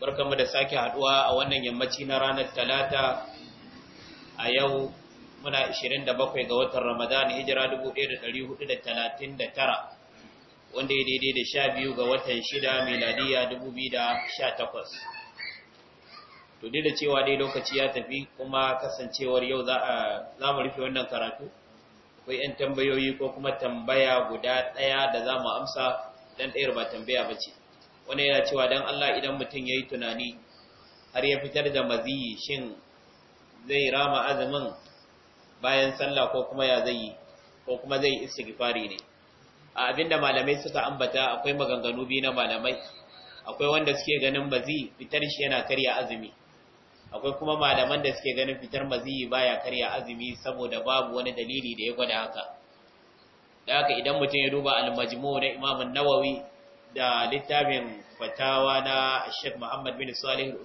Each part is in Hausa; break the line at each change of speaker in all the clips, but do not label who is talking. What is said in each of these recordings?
barkamu da sake haduwa a wannan yammaci na ranar talata a yau muna 27 ga watan ramadan hijira 1439 wanda ya daidai da sha biyu ga watan shida miladiya 2018 to da cewa dai lokaci ya tafi kuma kasancewar yau za mu rufe wannan karatu akwai 'yan tambayoyi ko kuma tambaya guda ɗaya da za mu amsa don ɗayar ba tambaya ba ce wani yana cewa dan Allah idan mutum ya yi tunani har ya fitar da maziyi shin zai rama azumin bayan sallah ko kuma ya zai ko kuma zai istighfari ne a abinda malamai suka ambata akwai maganganu biyu na malamai akwai wanda suke ganin mazi fitar shi yana karya azumi akwai kuma malaman da suke ganin fitar maziyi baya karya azumi saboda babu wani dalili da ya gwada haka da haka idan mutum ya duba al-majmu na Imam Nawawi da littafin fatawa na Sheikh Muhammad bin Salih al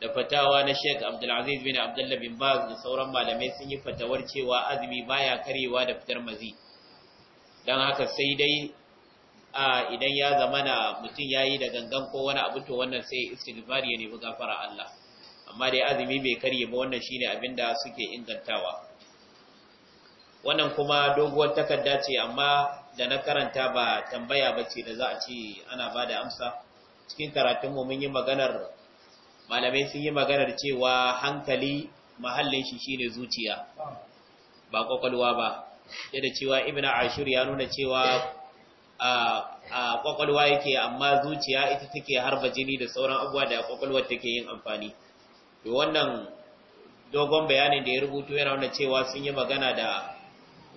da fatawa na Sheikh Abdulaziz bin Abdullah bin Baz da sauran malamai sun yi fatawar cewa azumi baya karewa da fitar mazi. Don haka sai dai a idan ya zamana mutum yayi da gangan ko wani abu to wannan sai istighfar ya nemi gafara Allah. Amma dai azumi bai karye ba wannan shine abin da suke ingantawa. Wannan kuma doguwar takarda ce amma da na karanta ba tambaya ba ce da za a ce ana ba da amsa cikin karatunmu mun yi maganar malamai sun yi maganar cewa hankali mahallin shi shine zuciya ba kwakwalwa ba Yadda cewa ibina ashir ya nuna cewa a kwakwalwa yake amma zuciya ita take harba jini da sauran abubuwa da kwakwalwa take yin amfani to wannan dogon bayanin da ya rubuto yana nuna cewa sun yi magana da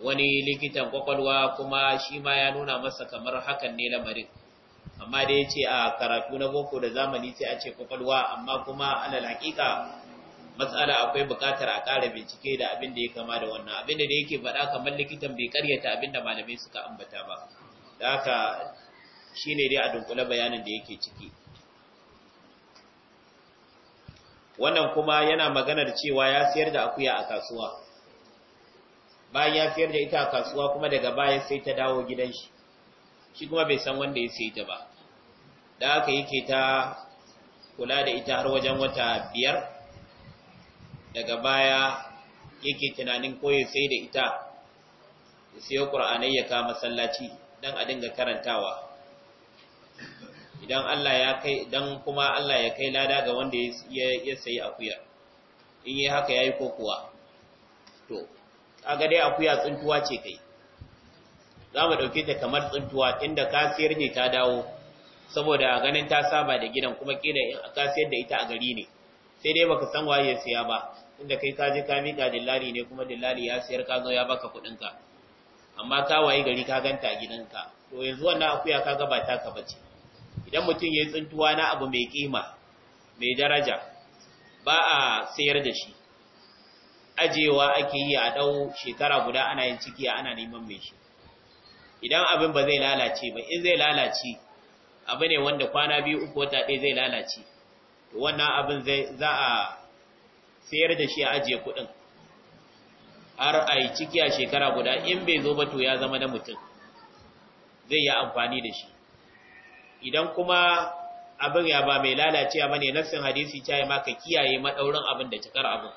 wani likitan kwakwalwa kuma shi ma ya nuna masa kamar hakan ne lamarin amma da ya ce a karatu na boko da zamani sai a ce kwakwalwa amma kuma alal hakika matsala akwai bukatar a ƙara bincike da abin da ya kama da wannan abin da yake faɗa kamar likitan bai karyata abin da malamai suka ambata ba da haka shi ne dai a dunkule bayanin da yake ciki wannan kuma yana maganar cewa ya sayar da akuya a kasuwa bayan ya sayar da ita a kasuwa kuma daga baya sai ta dawo gidan shi shi kuma bai san wanda ya sayi ta ba da aka yake ta kula da ita har wajen wata biyar daga baya yake tunanin ko ya sai da ita ya sayo ƙur'anai ya kama sallaci, don a dinga karantawa idan Allah ya kai don kuma Allah ya kai lada ga wanda ya sayi akuya in yi haka ya ko kuwa to kaga dai akuya tsintuwa ce kai za mu ɗauke ta kamar tsintuwa inda ka siyar ne ta dawo saboda ganin ta saba da gidan kuma kila in a siyar da ita a gari ne sai dai baka san waye siya ba inda kai ka je ka mika dillali ne kuma dillali ya siyar ka zo ya baka kuɗinka, amma ka waye gari ka ganta a gidanka to yanzu wannan akuya ka gaba ta ka bace idan mutum ya yi tsuntuwa na abu mai ƙima, mai daraja ba a sayar da shi ajewa ake yi a ɗau shekara guda ana yin ciki ana neman mai shi idan abin ba zai lalace ba in zai lalace abu ne wanda kwana biyu uku wata ɗaya zai lalace to wannan abin za a sayar da shi a ajiye kuɗin har a yi ciki a shekara guda in bai zo ba to ya zama na mutum zai yi amfani da shi idan kuma abin ya ba mai lalacewa ba ne nassin hadisi ta yi maka kiyaye maɗaurin abin da cikar abin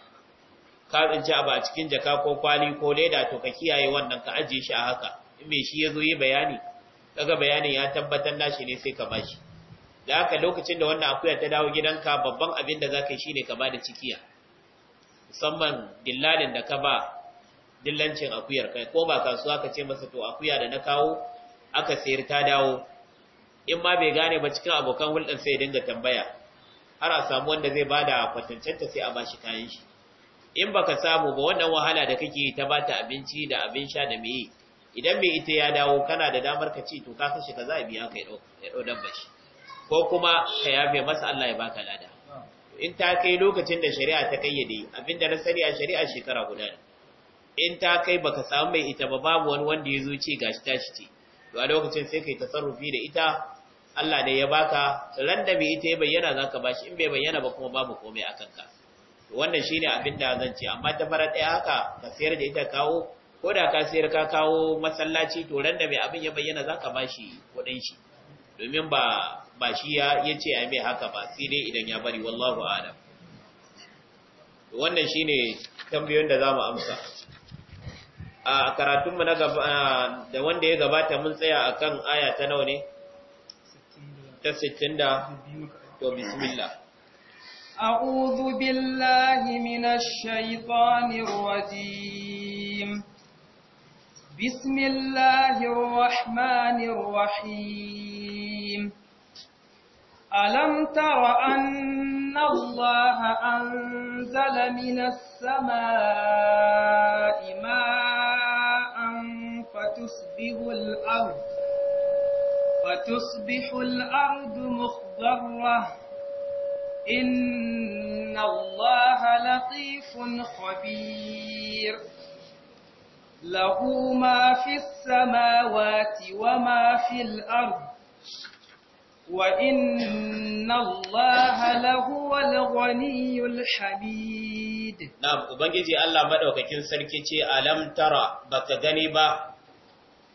ka tsinci abu a cikin jaka ko kwali ko leda to ka kiyaye wannan ka ajiye shi a haka in me shi ya zo yi bayani kaga bayanin ya tabbatar shi ne sai ka bashi da haka lokacin da wannan akuya ta dawo gidanka babban abin da zaka yi shine ka bada cikiya musamman dillalin da ka ba dillancin akuyar kai ko ba kasuwa ka ce masa to akuya da na kawo aka sayar ta dawo in ma bai gane ba cikin abokan hulɗar sai dinga tambaya har a samu wanda zai bada kwatancenta sai a bashi kayan shi in baka samu ba wannan wahala da kake ta bata abinci da abin sha da meye idan mai ita ya dawo kana da damar ka ci to ka kashe ka za a biya ka ya ɗau shi ko kuma ka yafe masa Allah ya baka lada in ta kai lokacin da shari'a ta kayyade abinda na sani a shari'a shekara guda ne in ta kai baka samu mai ita ba babu wani wanda ya zo ci gashi tashi ce to a lokacin sai kai tasarrufi da ita Allah ne ya baka ran da mai ita ya bayyana zaka bashi in bai bayyana ba kuma babu komai akan ka wannan shine abin da zan ce amma ta fara ɗaya haka ka sayar da ita kawo ko da ka sayar ka kawo masallaci to ran da mai abin ya bayyana zaka bashi kuɗin shi domin ba ba shi ya yace ai mai haka ba sai dai idan ya bari wallahu a'lam wannan shine tambayoyin da zamu amsa a karatun mu na gaba da wanda ya gabata mun tsaya akan aya ta nawa ne ta to bismillah
أعوذ بالله من الشيطان الرجيم بسم الله الرحمن الرحيم ألم تر أن الله أنزل من السماء ماء فتصبح الأرض فتصبح الأرض مخضرة إن الله لطيف خبير له ما في السماوات وما في الأرض وإن الله لهو الغني الحميد
نعم وبنجي الله مدوكاكين سركيتي ألم ترى بكغنبا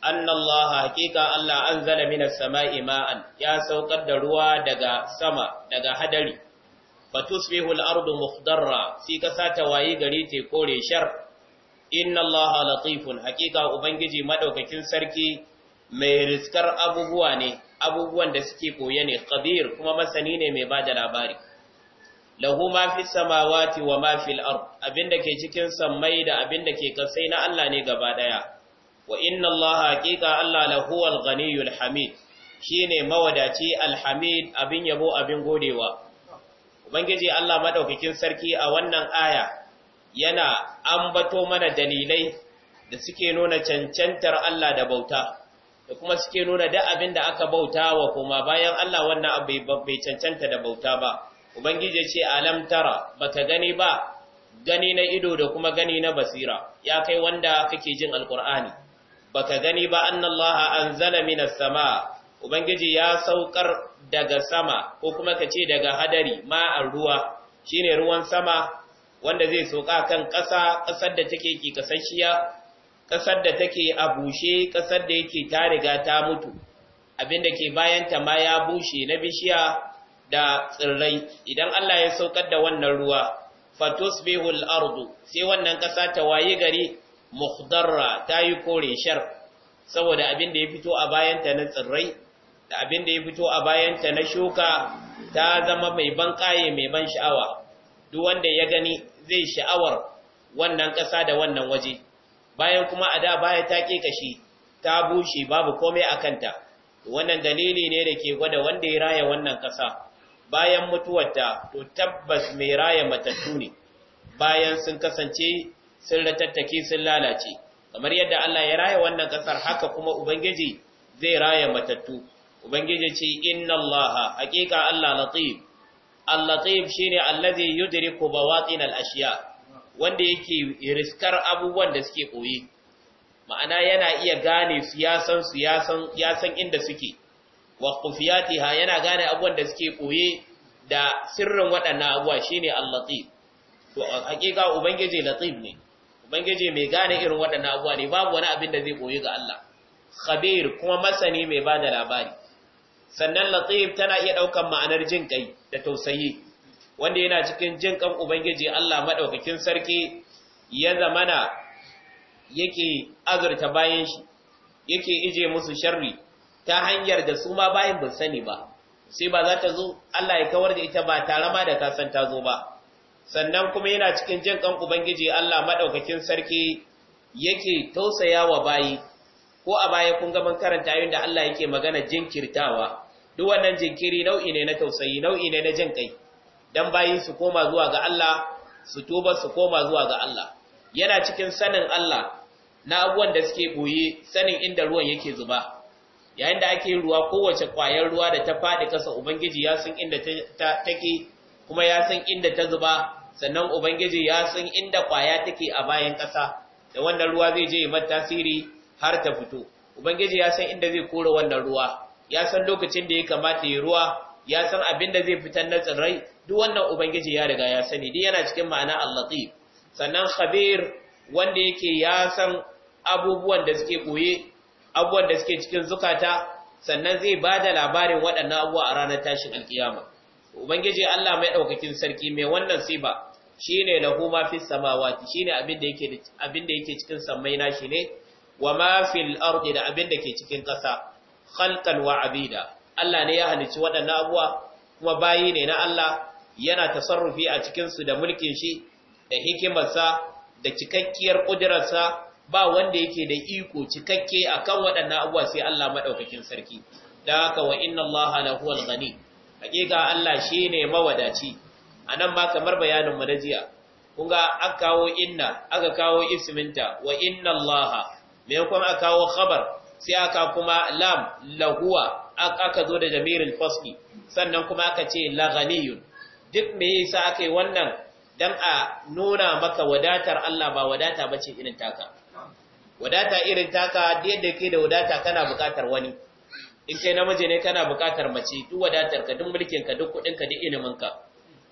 أن الله حقيقة الله أنزل من السماء ماء يا سوقد روا دغا سما دغا هدري fatusbihu al-ardu mukhdarra sai kasa ta waye gari te kore shar inna allaha latifun haƙiƙa ubangiji madaukakin sarki mai riskar abubuwa ne abubuwan da suke koye ne khabir kuma masani ne mai bada labari lahu ma fi samawati wa ma fil ard abinda ke cikin sammai da abinda ke kasai na Allah ne gaba daya wa inna allaha hakika allah lahu al-ghaniyul hamid shine mawadaci Alhamid, abin yabo abin godewa Ubangiji Allah maɗaukakin sarki a wannan aya yana ambato mana dalilai da suke nuna cancantar Allah da bauta, da kuma suke nuna da abin da aka bauta wa kuma bayan Allah wannan abu bai cancanta da bauta ba. Ubangiji ce alam tara baka gani ba gani na ido da kuma gani na basira ya kai wanda kake jin alkur'ani baka gani ba annallaha anzala minas sama ubangiji ya saukar daga sama ko kuma ka ce daga hadari ma a ruwa shine ruwan sama wanda zai soka kan ƙasa ƙasar da take ki ƙasashiya, ƙasar da take a bushe ƙasar da yake ta riga ta mutu abinda ke bayanta ma ya bushe na bishiya da tsirrai idan Allah ya saukar da wannan ruwa fatusbihu al-ardu sai wannan ƙasa ta waye gari mukhdarra ta yi kore shar saboda da ya fito a bayanta na tsirrai da abin da ya fito a bayanta na shuka ta zama mai ban kaye mai ban sha'awa duk wanda ya gani zai sha'awar wannan ƙasa da wannan waje bayan kuma a da baya ta kashi ta bushe babu komai a kanta wannan dalili ne da ke gwada wanda ya raya wannan ƙasa bayan mutuwarta to tabbas mai raya matattu ne bayan sun kasance sun ratattake sun lalace kamar yadda Allah ya raya wannan ƙasar haka kuma ubangiji zai raya matattu ubangiji ce inna allaha haqiqa allah latif al-latif shine allazi yudriku bawatin al-ashiya wanda yake riskar abubuwan da suke koyi ma'ana yana iya gane su ya san su ya inda suke wa qufiyatiha yana gane abubuwan da suke koye da sirrin waɗannan abuwa shine al-latif to hakika ubangiji latif ne ubangiji mai gane irin waɗannan abuwa ne babu wani abin da zai koyi ga Allah khabir kuma masani mai ba da labari sannan latif tana iya ɗaukan ma'anar jin kai da tausayi wanda yana cikin jin kan ubangiji Allah madaukakin sarki ya zamana yake azurta bayan shi yake ije musu sharri ta hanyar da su ma bayan bin sani ba sai ba za ta zo Allah ya kawar da ita ba tare ma da san ta zo ba sannan kuma yana cikin jin kan ubangiji Allah madaukakin sarki yake tausayawa bayi ko a baya kun ga mun karanta yayin da Allah yake magana jinkirtawa duk wannan jinkiri nau'i ne na tausayi nau'i ne na jin kai dan bayin su koma zuwa ga Allah su tuba su koma zuwa ga Allah yana cikin sanin Allah na abuwan da suke boye sanin inda ruwan yake zuba yayin da ake ruwa kowace kwayar ruwa da ta fadi kasa ubangiji ya san inda ta take kuma ya san inda ta zuba sannan ubangiji ya san inda kwaya take a bayan ƙasa da wannan ruwa zai je mai tasiri har ta fito ubangiji ya san inda zai kore wannan ruwa ya san lokacin da ya kamata ya ruwa ya san abin da zai fitar na tsirrai duk wannan ubangiji ya riga ya sani duk yana cikin ma'ana al sannan khabir wanda yake ya san abubuwan da suke koye abubuwan da suke cikin zukata sannan zai ba da labarin waɗannan abubuwa a ranar tashin alkiyama ubangiji Allah mai daukakin sarki mai wannan siba shine lahu ma fi samawati shine abin da yake abin da yake cikin sammai na shi ne wa ma fil ardi da abin da ke cikin ƙasa khalqan wa abida Allah ne ya halicci waɗannan abuwa kuma bayi ne na Allah yana tasarrufi a cikin su da mulkin shi da hikimarsa da cikakkiyar kudirarsa ba wanda yake da iko cikakke akan waɗannan abuwa sai Allah madaukakin sarki da haka wa inna Allah la huwal ghani hakika Allah shine mawadaci anan ma kamar bayanin mu na jiya kun ga aka kawo inna aka kawo isminta wa inna Allah me kuma aka kawo khabar sai aka kuma lam lahuwa aka zo da jamirin fasli sannan kuma aka ce laghaniyun duk me yasa aka yi wannan dan a nuna maka wadatar Allah ba wadata bace irin taka wadata irin taka da yadda ke da wadata kana bukatar wani in kai namiji ne kana bukatar mace duk wadatar ka duk mulkin ka duk kudin ka duk ilimin ka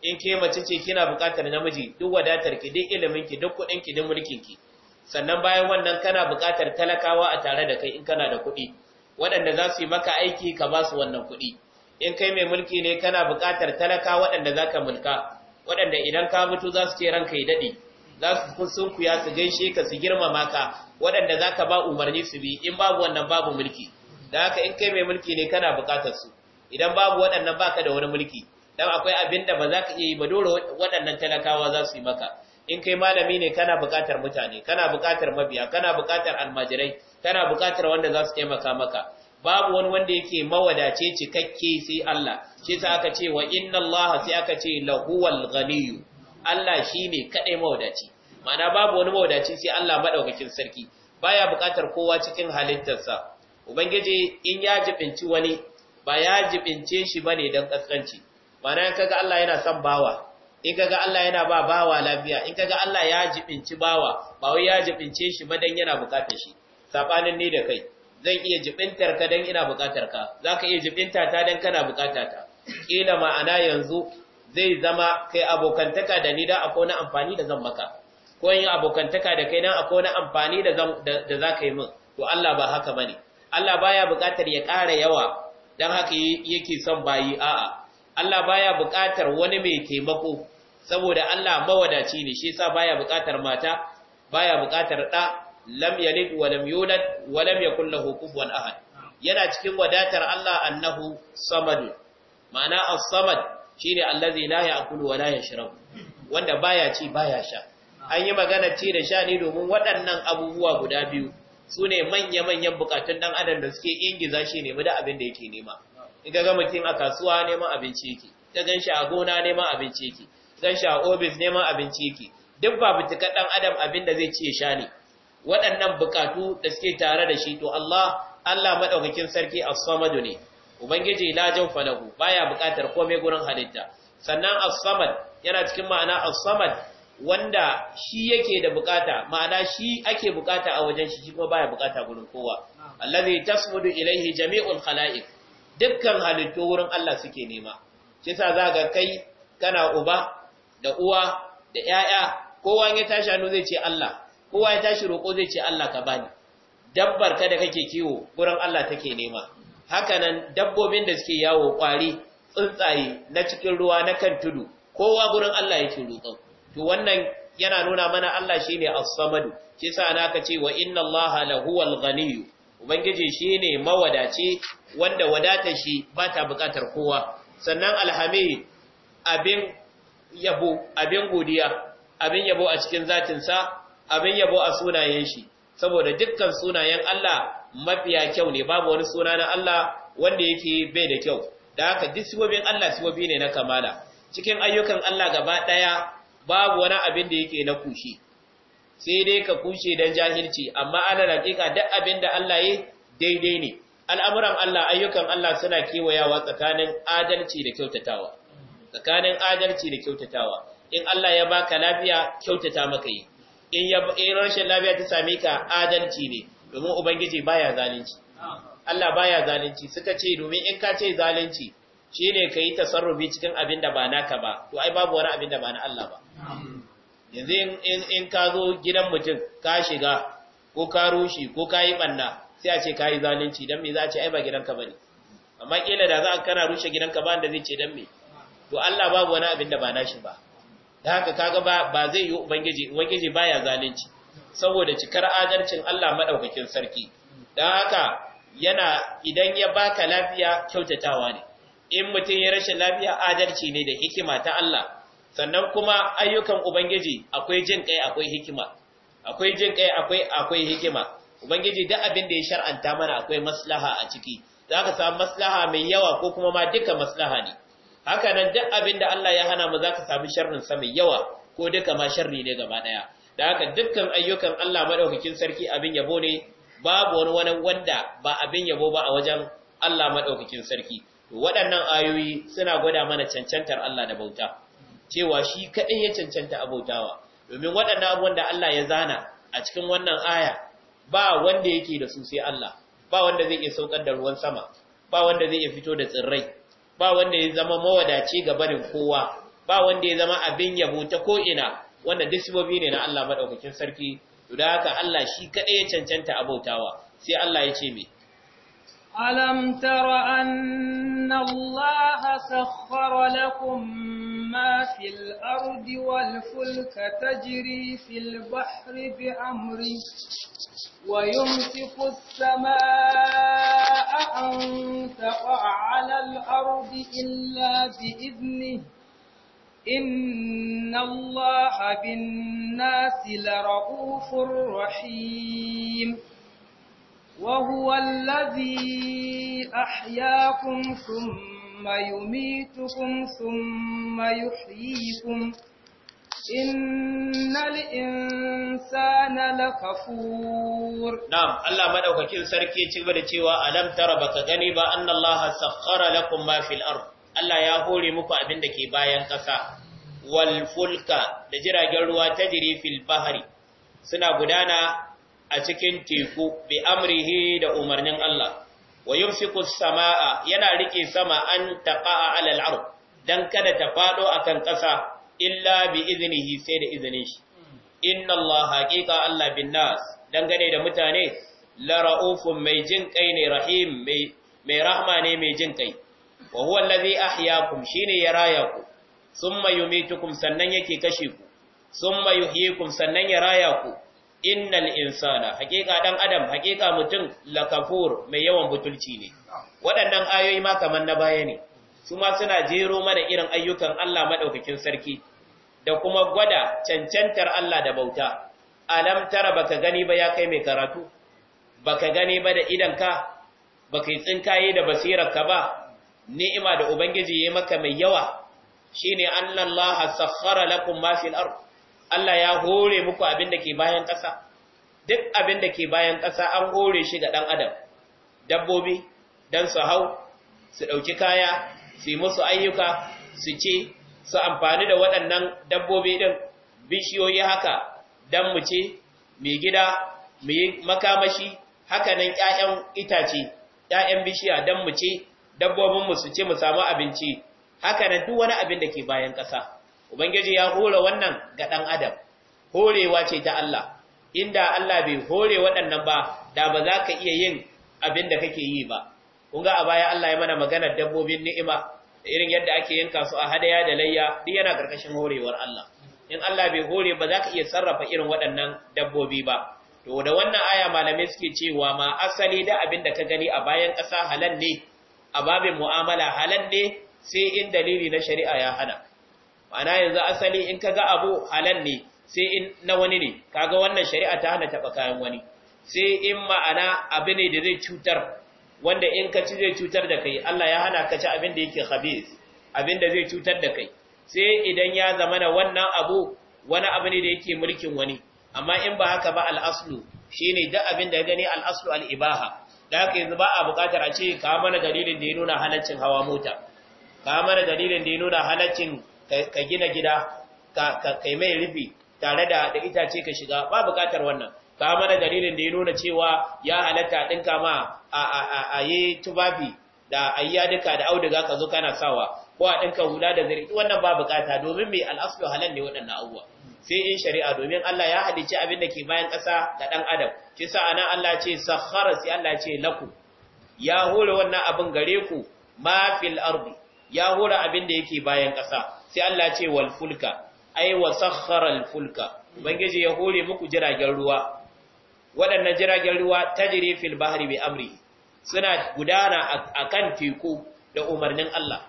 in kai mace ce kina bukatar namiji duk wadatar ki duk ilimin ki duk kudin ki duk mulkin ki sannan bayan wannan kana buƙatar talakawa a tare da kai in kana da kuɗi waɗanda za su yi maka aiki ka ba su wannan kuɗi in kai mai mulki ne kana buƙatar talaka waɗanda za ka mulka waɗanda idan ka mutu za su ce ranka yi daɗi za su sunkuya su gaishe ka su girmama ka waɗanda za ka ba umarni su bi in babu wannan babu mulki da haka in kai mai mulki ne kana buƙatar su idan babu waɗannan baka da wani mulki dan akwai abinda da ba za ka iya yi ba dole waɗannan talakawa za su yi maka in kai malami ne kana buƙatar mutane kana buƙatar mabiya kana buƙatar almajirai kana buƙatar wanda za su taimaka maka babu wani wanda yake mawadace cikakke sai Allah shi sa aka ce wa inna Allah sai aka ce lahuwal ghaniyu Allah shine kadai mawadaci ma'ana babu wani mawadaci sai Allah madaukakin sarki baya buƙatar kowa cikin halittarsa ubangiji in ya jibinci wani ba ya jibince shi bane dan kaskanci ma'ana kaga Allah yana son bawa in kaga Allah yana ba bawa lafiya in kaga Allah ya jibinci bawa ba wai ya jibince shi ba dan yana bukatar shi sabanin ne da kai zan iya jibintar ka dan ina bukatar ka zaka iya jibinta ta dan kana bukata ta kila ma'ana yanzu zai zama kai abokantaka da ni da akwai na amfani da zan maka ko yin abokantaka da kai dan akwai na amfani da da zaka yi min to Allah ba haka bane Allah baya bukatar ya ƙara yawa dan haka yake son bayi a'a Allah baya bukatar wani mai taimako saboda Allah mawadaci ne shi yasa baya buƙatar mata baya buƙatar da lam yalid wa lam yulad wa lam yakul lahu kufuwan ahad yana cikin wadatar Allah annahu samad ma'ana as-samad shine allazi la ya'kulu wa la yashrab wanda baya ci baya sha an yi magana ci da sha ne domin waɗannan abubuwa guda biyu sune manya-manyan bukatun dan adam da suke ingiza shi ne da abin da yake nema in ga mutum a kasuwa neman abinci yake ta ganshi a gona neman abinci yake dan shi a ofis neman abinci yake duk ba bitukan dan adam abin da zai ci ya sha ne waɗannan bukatu da suke tare da shi to Allah Allah madaukakin sarki as samad ne ubangiji la falahu baya bukatar komai gurin halitta sannan as-samad yana cikin ma'ana as-samad wanda shi yake da bukata ma'ana shi ake bukata a wajen shi kuma baya bukata gurin kowa allazi tasmudu ilaihi jami'ul khalaiq dukkan halittu wurin Allah suke nema kisa za kai kana uba da uwa da ‘ya'ya, kowa ya tashi hannu zai ce Allah, kowa ya tashi roƙo zai ce Allah ka bani, dabbar ka da kake kiwo wurin Allah take nema. haka nan dabbobin da suke yawo ƙwari, tsuntsaye na cikin ruwa na kan tudu, kowa gurin Allah yake roƙon. To wannan yana nuna mana Allah shi ne As-Samadu, shi sa na ka ce wa inna Allah lahuwal ganiyu, Ubangiji shi ne mawadaci wanda wadatar shi ba ta buƙatar kowa. Sannan alhamid abin yabo abin godiya abin yabo a cikin zatinsa abin yabo a sunayen shi saboda dukkan sunayen Allah mafiya kyau ne babu wani suna na Allah wanda yake bai da kyau da haka duk siwobin Allah siwobi ne na kamala cikin ayyukan Allah gaba ɗaya babu wani abin da yake na kushi sai dai ka kushe dan jahilci amma ana raƙiƙa duk abin da Allah ya daidai ne al'amuran Allah ayyukan Allah suna kewayawa tsakanin adalci da kyautatawa tsakanin adalci da kyautatawa in Allah ya baka lafiya kyautata maka yi in ya rashin lafiya ta same ka adalci ne domin ubangiji baya zalunci Allah baya zalunci suka ce domin in ka ce zalunci shine kai tasarrufi cikin abin da ba naka ba to ai babu wani abin da ba na Allah ba yanzu in in ka zo gidan mutum ka shiga ko ka rushe ko ka yi banna sai a ce ka yi zalunci dan me za a ce ai ba gidanka bane amma kila da za a kana rushe gidanka ba da zai ce dan me to Allah babu wani abin da ba nashi ba da haka kaga ba ba zai yi ubangiji ubangiji baya zalunci saboda cikar adalcin Allah madaukakin sarki dan haka yana idan ya baka lafiya kyautatawa ne in mutum ya rashin lafiya adalci ne da hikima ta Allah sannan kuma ayyukan ubangiji akwai jin kai akwai hikima akwai jin kai akwai akwai hikima ubangiji duk abin da ya shar'anta mana akwai maslaha a ciki zaka samu maslaha mai yawa ko kuma ma duka maslaha ne haka nan duk abin da Allah ya hana mu za ka samu sharrin sami yawa ko duka ma sharri ne gaba ɗaya da haka dukkan ayyukan Allah maɗaukakin sarki abin yabo ne babu wani wani wanda ba abin yabo ba a wajen Allah maɗaukakin sarki waɗannan ayoyi suna gwada mana cancantar Allah da bauta cewa shi kaɗai ya cancanta abautawa domin waɗannan abubuwan da Allah ya zana a cikin wannan aya ba wanda yake da su sai Allah ba wanda zai iya saukar da ruwan sama ba wanda zai iya fito da tsirrai ba wanda ya zama mawadaci ga barin kowa ba wanda ya zama abin yabo ta ko'ina wanda disibobi ne na Allah maɗaukacin sarki, To da haka Allah shi kadai ya cancanta abautawa, sai Allah ya ce mai,
ألم تر أن الله سخر لكم ما في الأرض والفلك تجري في البحر بأمره ويمسك السماء أن تقع على الأرض إلا بإذنه إن الله بالناس لرؤوف رحيم وهو الذي أحياكم ثم يميتكم ثم يحييكم إن الإنسان لكفور
نعم الله ما دوك كين سركي تبدا تيوا ألم ترى بك غني با أن الله سخر لكم ما في الأرض الله يا هولي مكو أبين دكي بايان كسا والفلك دجرا جلوا تجري في البحر سنا غدانا a cikin teku bi amrihi da umarnin Allah wa yumsiku samaa yana rike sama an taqa'a alal ard dan kada ta fado akan ƙasa illa bi iznihi sai da izinin shi inna Allah haqiqa Allah bin nas dangane da mutane la raufun mai jin kai ne rahim mai rahma ne mai jin kai wa huwa allazi ahyaakum shine ya raya ku summa yumitukum sannan yake kashe ku summa yuhyikum sannan ya raya ku innal insana haƙiƙa dan adam haƙiƙa mutum lakafur mai yawan butulci ne waɗannan ayoyi ma kaman na baya ne su ma suna jero mana irin ayyukan Allah madaukakin sarki da kuma gwada cancantar Allah da bauta alam tara baka gani ba ya kai mai karatu baka gani ba da ka? baka yi tsinkaye da ka ba ni'ima da ubangiji yayi maka mai yawa shine annallaha sakhkhara lakum ma fil ardh Allah ya hore muku abin da ke bayan ƙasa duk abin da ke bayan ƙasa an hore shi ga ɗan adam dabbobi don su hau su ɗauki kaya su yi musu ayyuka su ce su amfani da waɗannan dabbobi ɗin bishiyoyi haka don mu ce mai gida mu yi makamashi hakanan ‘ya'yan itace ‘ya'yan bishiya don mu ce dabbobinmu su ce mu samu abinci hakanan duk wani abin da ke bayan ƙasa ubangiji ya hore wannan ga ɗan adam horewa ce ta Allah inda Allah bai hore waɗannan ba da ba za ka iya yin abin da kake yi ba kunga a baya Allah ya mana maganar dabbobin ni'ima da irin yadda ake yin su a hadaya da layya duk yana ƙarƙashin horewar Allah in Allah bai hore ba za ka iya sarrafa irin waɗannan dabbobi ba to da wannan aya malamai suke cewa ma asali da abin da ka gani a bayan ƙasa halal ne a babin mu'amala halal ne sai in dalili na shari'a ya hana ma'ana yanzu asali in ka ga abu halal ne sai in na wani ne kaga wannan shari'a ta hana taba kayan wani sai in ma'ana abu ne da zai cutar wanda in ka ci zai cutar da kai Allah ya hana ka ci abin da yake khabith abin da zai cutar da kai sai idan ya zama na wannan abu wani abu ne da yake mulkin wani amma in ba haka ba al-aslu shine duk abin da ya gani al al'ibaha. al da haka yanzu ba a buƙatar a ce ka mana dalilin da ya nuna halaccin hawa mota ka mana dalilin da ya nuna halaccin ka gina gida ka mai rufi tare da da itace ka shiga ba bukatar wannan ka mana dalilin da ya nuna cewa ya halatta ɗinka ma a yi tubabi da ayya duka da auduga ka zo kana sawa ko a ɗinka hula da zari wannan ba bukata domin mai al'aslu halal ne waɗannan abubuwa sai in shari'a domin Allah ya halicci abin da ke bayan ƙasa da ɗan adam shi sa anan Allah ce sakhara sai Allah ce laku ya hore wannan abin gare ku ma fil ardi ya hura abin da yake bayan ƙasa sai Allah ce wal fulka ai wa sakhara al fulka ubangiji ya hore muku jiragen ruwa waɗannan jiragen ruwa tajri fil bahri bi amri suna gudana akan teku da umarnin Allah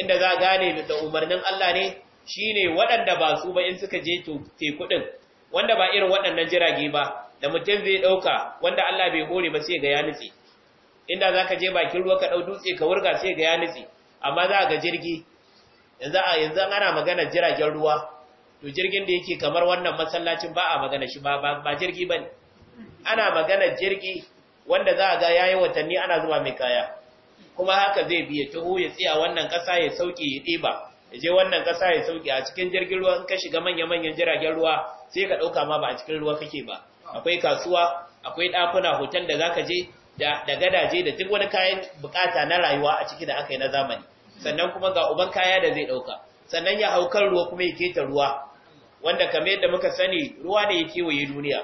inda za gane da umarnin Allah ne shine waɗanda ba su ba in suka je teku din wanda ba irin waɗannan jirage ba da mutum zai ɗauka wanda Allah bai hore ba sai ga ya nutse inda za je bakin ruwa ka ɗau dutse ka wurga sai ga ya nutse amma za a ga jirgi yanzu a yanzu ana magana jiragen ruwa to jirgin da yake kamar wannan masallacin ba a magana shi ba jirgi ba ne ana magana jirgi wanda za a ga ya yi watanni ana zuba mai kaya kuma haka zai biya taho ya tsaya wannan ƙasa ya sauke ya ɗiba ya je wannan ƙasa ya sauke a cikin jirgin ruwa in ka shiga manya-manyan jiragen ruwa sai ka ɗauka ma ba a cikin ruwa kake ba akwai kasuwa akwai ɗakuna hoton da za ka je da gadaje da duk wani kayan bukata na rayuwa a ciki da aka yi na zamani sannan kuma ga uban kaya da zai dauka sannan ya hau ruwa kuma ya keta ruwa wanda kamar yadda muka sani ruwa ne ya kewaye duniya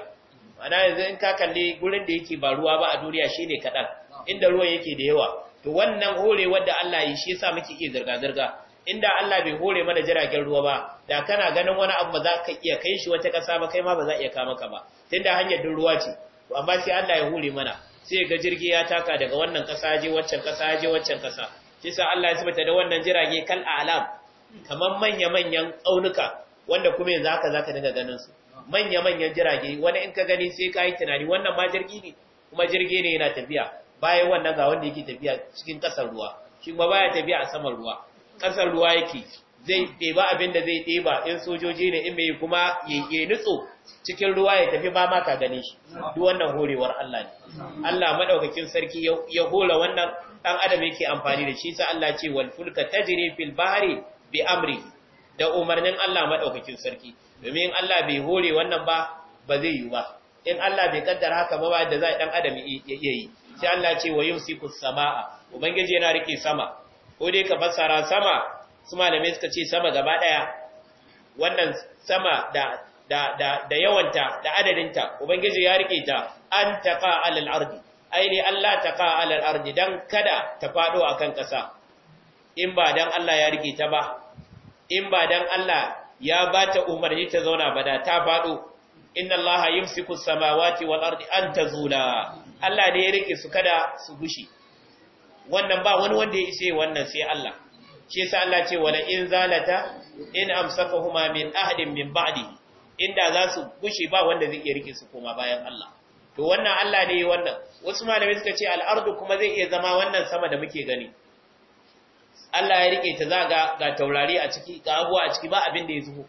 ana yanzu in ka kalli gurin da yake ba ruwa ba a duniya shine kaɗan inda ruwan yake da yawa to wannan hore wanda Allah ya shi yasa muke iya zirga-zirga inda Allah bai hore mana jiragen ruwa ba da kana ganin wani abu ba za ka iya kai shi wata ƙasa ba kai ma ba za iya kama ka ba tunda hanyar din ruwa ce to amma sai Allah ya hore mana sai ga jirgi ya taka daga wannan ƙasa je waccan ƙasa je waccan ƙasa shi Allah ya sabata da wannan jirage kal alam kamar manya manyan aunuka wanda kuma yanzu haka zaka dinga ganin su manya manyan jirage wani in ka gani sai ka yi tunani wannan ma jirgi ne kuma jirgi ne yana tafiya bayan wannan ga wanda yake tafiya cikin ƙasar ruwa shi kuma baya tafiya a saman ruwa ƙasar ruwa yake zai ɗeba abin da zai ɗeba in sojoji ne in mai kuma ya nutso cikin ruwa ya tafi ba ma ka shi duk wannan horewar Allah ne Allah maɗaukakin sarki ya hula wannan dan adam yake amfani da shi sa Allah ce wal fulka tajri fil bahri bi amri da umarnin Allah maɗaukakin sarki domin Allah bai hore wannan ba ba zai yi ba in Allah bai kaddara haka ba da zai dan adam ya yi sai Allah ce wa yumsiku samaa ubangiji yana rike sama ko dai ka fassara sama su malamai suka ce sama gaba daya wannan sama da yawanta da adadinta ubangiji ya rike ta an taqa alal ardi aini Allah taqa alal ardi dan kada ta fado akan kasa in ba dan Allah ya rike ta ba in ba dan Allah ya bata umarni ta zauna ba da ta fado inna allaha yumsiku samawati wal ardi an tazula Allah ne ya rike su kada su gushi wannan ba wani wanda ya ise wannan sai Allah shi yasa Allah ce wala in zalata in amsakahuma min ahadin min ba'di inda za su gushi ba wanda zai iya rike su koma bayan Allah to wannan Allah ne wannan wasu malamai suka ce al'ardu kuma zai iya zama wannan sama da muke gani Allah ya rike ta za ga ga taurari a ciki ga abuwa a ciki ba abin da ya zuho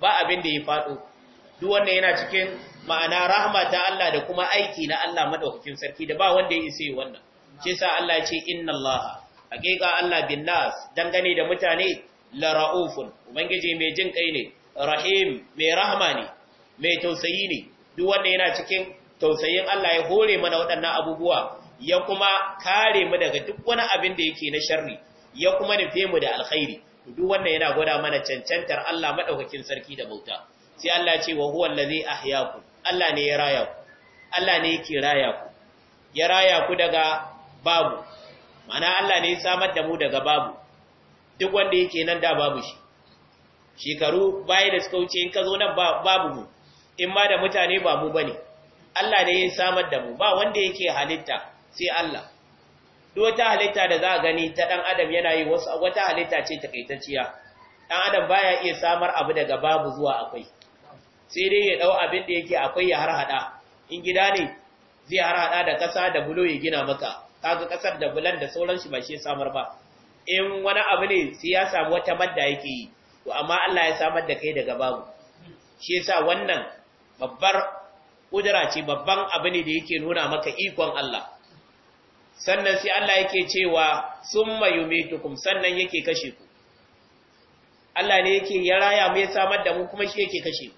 ba abin da ya fado duk wanda yana cikin ma'ana rahma ta Allah da kuma aiki na Allah madaukakin sarki da ba wanda ya isa wannan shi yasa Allah ya ce inna Allah hakika Allah bin nas dangane da mutane la raufun ubangiji mai jin kai ne rahim mai rahma ne mai tausayi ne duk wanda yana cikin tausayin Allah ya hore mana waɗannan abubuwa ya kuma kare mu daga duk wani abin da yake na sharri ya kuma nufe mu da alkhairi duk wanda yana gwada mana cancantar Allah madaukakin sarki da bauta sai Allah ce wa huwa allazi ahyaakum Allah ne ya raya ku Allah ne yake raya ku ya raya ku daga babu mana Allah ne ya samar da mu daga babu duk wanda yake nan da babu shi shekaru baya da suka wuce in ka zo nan babu mu in ma da mutane ba mu bane Allah ne ya samar da mu ba wanda yake halitta sai Allah duk wata halitta da za a gani ta dan adam yana yi wasu wata halitta ce takaitacciya dan adam baya iya samar abu daga babu zuwa akwai sai dai ya dau abin da yake akwai ya harhada in gida ne zai harhada da kasa da bulo ya gina maka kaga kasar da bulan da sauran shi ba shi samar ba in wani abu ne sai ya samu wata madda yake yi to amma Allah ya samar da kai daga babu shi yasa wannan babbar kudura ce babban abu ne da yake nuna maka ikon Allah sannan sai Allah yake cewa summa yumitukum sannan yake kashe ku Allah ne yake ya raya mai samar da mu kuma shi yake kashe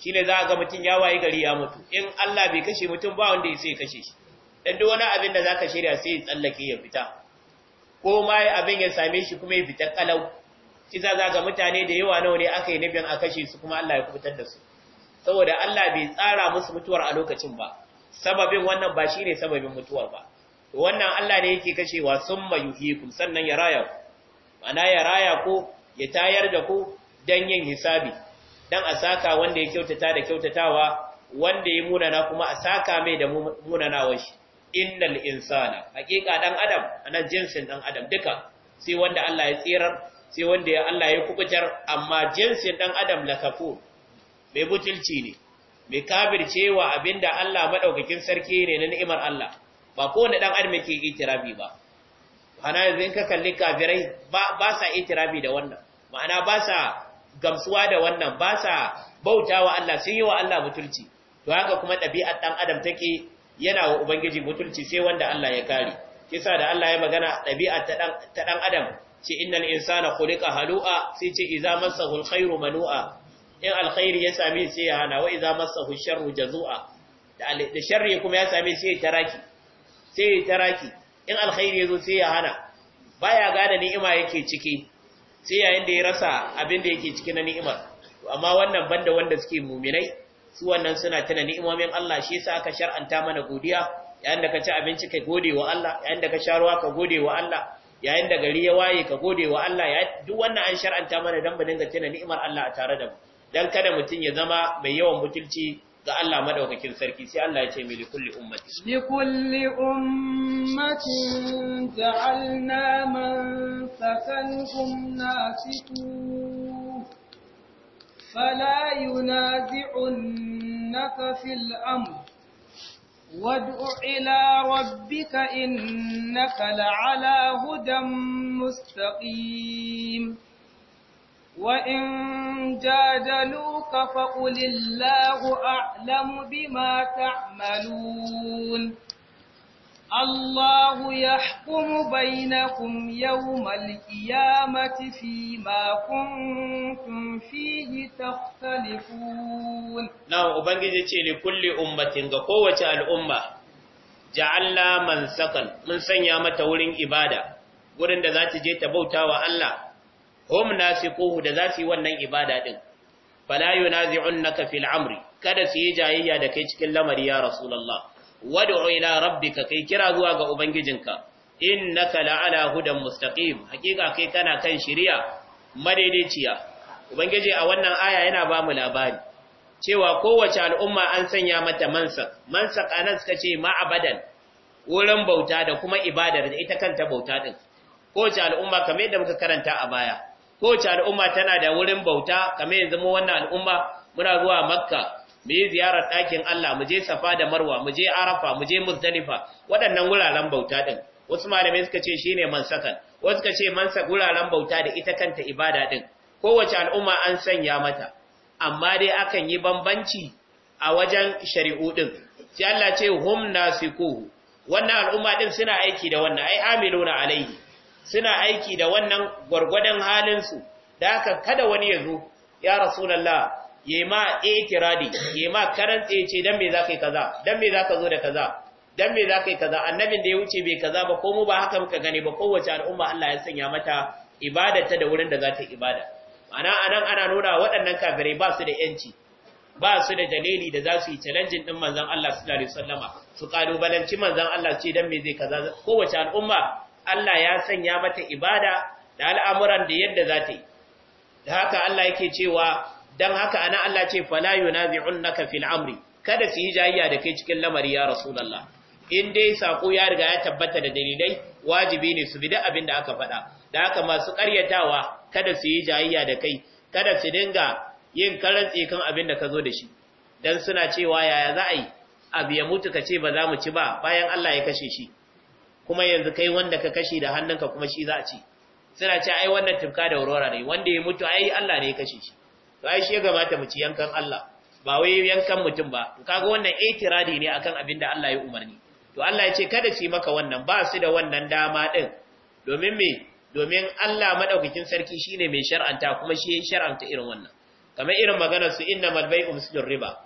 Shi ne za a ga mutum ya waye gari ya mutu in Allah bai kashe mutum ba wanda ya sai kashe shi dan duk wani abin da zaka shirya sai ya tsallake ya fita ko mai abin ya same shi kuma ya fita kalau kisa zaga mutane da yawa nawa ne aka yi nufin a kashe su kuma Allah ya kubutar da su saboda Allah bai tsara musu mutuwar a lokacin ba sababin wannan ba shine sababin mutuwar ba To wannan Allah ne yake kashewa summa yuhikum sannan ya raya ku ana ya raya ku ya tayar da ku dan yin hisabi dan a saka wanda ya kyautata da kyautatawa wanda ya munana kuma a saka mai da munanawar shi innal insana hakika ɗan adam anan jinsin ɗan adam duka sai wanda Allah ya tsirar sai wanda ya Allah ya kubutar amma jinsin dan adam la kafu mai butulci ne mai kabircewa abinda Allah madaukakin sarki ne na ni'imar Allah ba kowane dan adam yake itirabi ba ana yanzu in ka kalli kafirai ba sa itirabi da wannan ma'ana ba sa gamsuwa da wannan ba sa bautawa Allah sun yi wa Allah butulci to haka kuma ɗabi'ar ɗan adam take yana wa ubangiji mutunci, sai wanda Allah ya kare kisa da Allah ya magana dabi'a ta dan adam ce innal insana khuliqa halu'a sai ce idza massahu alkhairu manu'a in alkhairi ya same sai ya hana wa idza massahu sharru jazua da sharri kuma ya same sai ya taraki sai ya taraki in alkhairi zo sai ya hana baya da ni'ima yake ciki sai yayin da ya rasa abin da yake ciki na ni'imar amma wannan banda wanda suke muminai su wannan suna tana ni'imomin Allah shi sa aka shar'anta mana godiya yayin da ka ci abinci ka gode wa Allah yayin da ka sha ruwa ka gode wa Allah yayin da gari ya waye ka gode wa Allah duk wannan an shar'anta mana dan mu ga tana ni'imar Allah a tare da mu dan kada mutum ya zama mai yawan mutunci ga Allah madaukakin sarki sai Allah ya ce mai likulli ummati
likulli ummatin ja'alna man sakanhum nasikun فلا ينازعنك في الأمر وادع إلى ربك إنك لعلى هدى مستقيم وإن جادلوك فقل الله أعلم بما تعملون الله يحكم بينكم يوم القيامة فيما كنتم فيه تختلفون
نعم أبنجي تي لكل أمة قوة الأمة جعلنا من سكن من سنيا متولين إبادة wurin da za ta je ta bauta wa Allah, hum nasiquhu da za su yi wannan ibada ɗin, fala yunazi'unnaka fil amri, kada su yi jayayya da kai cikin lamari ya wad'u ila rabbika kai kira zuwa ga ubangijinka innaka la'ala hudan mustaqim hakika kai kana kan shari'a madaidaiciya ubangiji a wannan aya yana ba mu labari cewa kowace al'umma an sanya mata mansak mansak anan suka ce ma'abadan wurin bauta da kuma ibadar da ita kanta bauta din kowace al'umma kamar yadda muka karanta a baya kowace al'umma tana da wurin bauta kamar yanzu mu wannan al'umma muna zuwa makka mu yi ziyarar ɗakin Allah mu je Safa da Marwa mu je Arafa mu je Muzdalifa waɗannan wuraren bauta din wasu malamai suka ce shine mansakan wasu suka ce mansa wuraren bauta da ita kanta ibada din kowace al'umma an sanya mata amma dai akan yi bambanci a wajen shari'u din sai Allah ce hum nasikuhu wannan al'umma din suna aiki da wannan ai amiluna alaihi suna aiki da wannan gwargwadon su da haka kada wani ya zo ya rasulallah ya ma etiradi ya ma karantse ce dan me za yi kaza dan me za zo da kaza dan me za yi kaza annabin da ya wuce bai kaza ba ko mu ba haka muka gani ba kowace al'umma Allah ya sanya mata ibadata da wurin da za ta ibada ana anan ana nuna waɗannan kafirai ba su da yanci ba su da dalili da za su yi challenge din manzon Allah sallallahu alaihi wasallama su kalubalanci manzon Allah ce dan me zai kaza kowace al'umma Allah ya sanya mata ibada da al'amuran da yadda za ta yi da haka Allah yake cewa dan haka ana Allah ce fala yunazi'unnaka fil amri kada su yi jayayya da kai cikin lamari ya rasulullah in dai sako ya riga ya tabbata da dalilai wajibi ne su bi abin da aka faɗa da haka masu ƙaryatawa kada su yi jayayya da kai kada su dinga yin karantsi kan abin da ka zo da shi dan suna cewa yaya za a yi abu ya mutu ka ce ba za mu ci ba bayan Allah ya kashe shi kuma yanzu kai wanda ka kashe da hannunka kuma shi za a ci suna ce ai wannan tufka da aurora ne wanda ya mutu ai Allah ne ya kashe shi to ai shi ya gamata mu ci yankan Allah ba wai yankan mutum ba to kaga wannan itiradi ne akan abin da Allah ya umarni to Allah ya ce kada su maka wannan ba su da wannan dama din domin me domin Allah madaukakin sarki shine mai shar'anta kuma shi ya shar'anta irin wannan kamar irin maganar su innamal bai'u mislur riba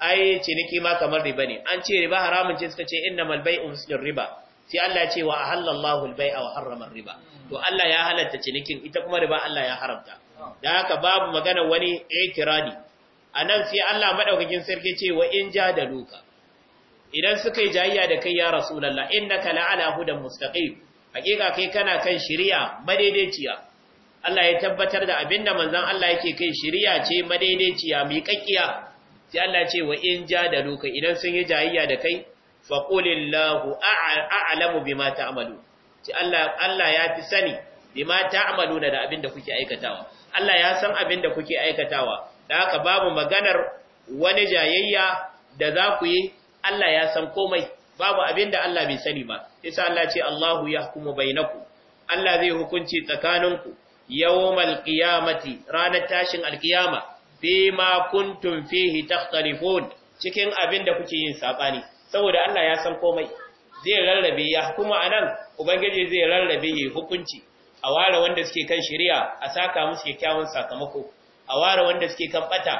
ai ciniki ma kamar riba ne an ce riba haramun ce suka ce Inna innamal bai'u mislur riba sai Allah ya ce wa ahallallahu al-bai'a wa harrama riba to Allah ya halatta cinikin ita kuma riba Allah ya haramta da haka babu magana wani ikirani anan sai Allah madaukakin sarki ce wa in ja da luka. idan suka yi jayya da kai ya rasulullah innaka la'ala hudan mustaqim hakika kai kana kan shari'a madaidaiciya Allah ya tabbatar da abinda manzon Allah yake kai shari'a ce madaidaiciya kakkiya sai Allah ce wa in ja da luka idan sun yi jayya da kai qulillahu a'lamu bima ta'malu sai Allah Allah ya fi sani bima ta'maluna da abinda kuke aikatawa Allah ya san abin da kuke aikatawa da haka babu maganar wani jayayya da za ku yi Allah ya san komai babu abin da Allah bai sani ba yasa Allah ce Allahu yahkumu bainakum Allah zai hukunci tsakaninku yawmal qiyamati ranar tashin alkiyama ma kuntum fihi takhtalifun cikin abin da kuke yin saɓani. saboda Allah ya san komai zai rarrabe ya kuma anan ubangiji zai rarrabe yi hukunci a ware wanda suke kan shari'a a saka musu kyakkyawan sakamako a ware wanda suke kan bata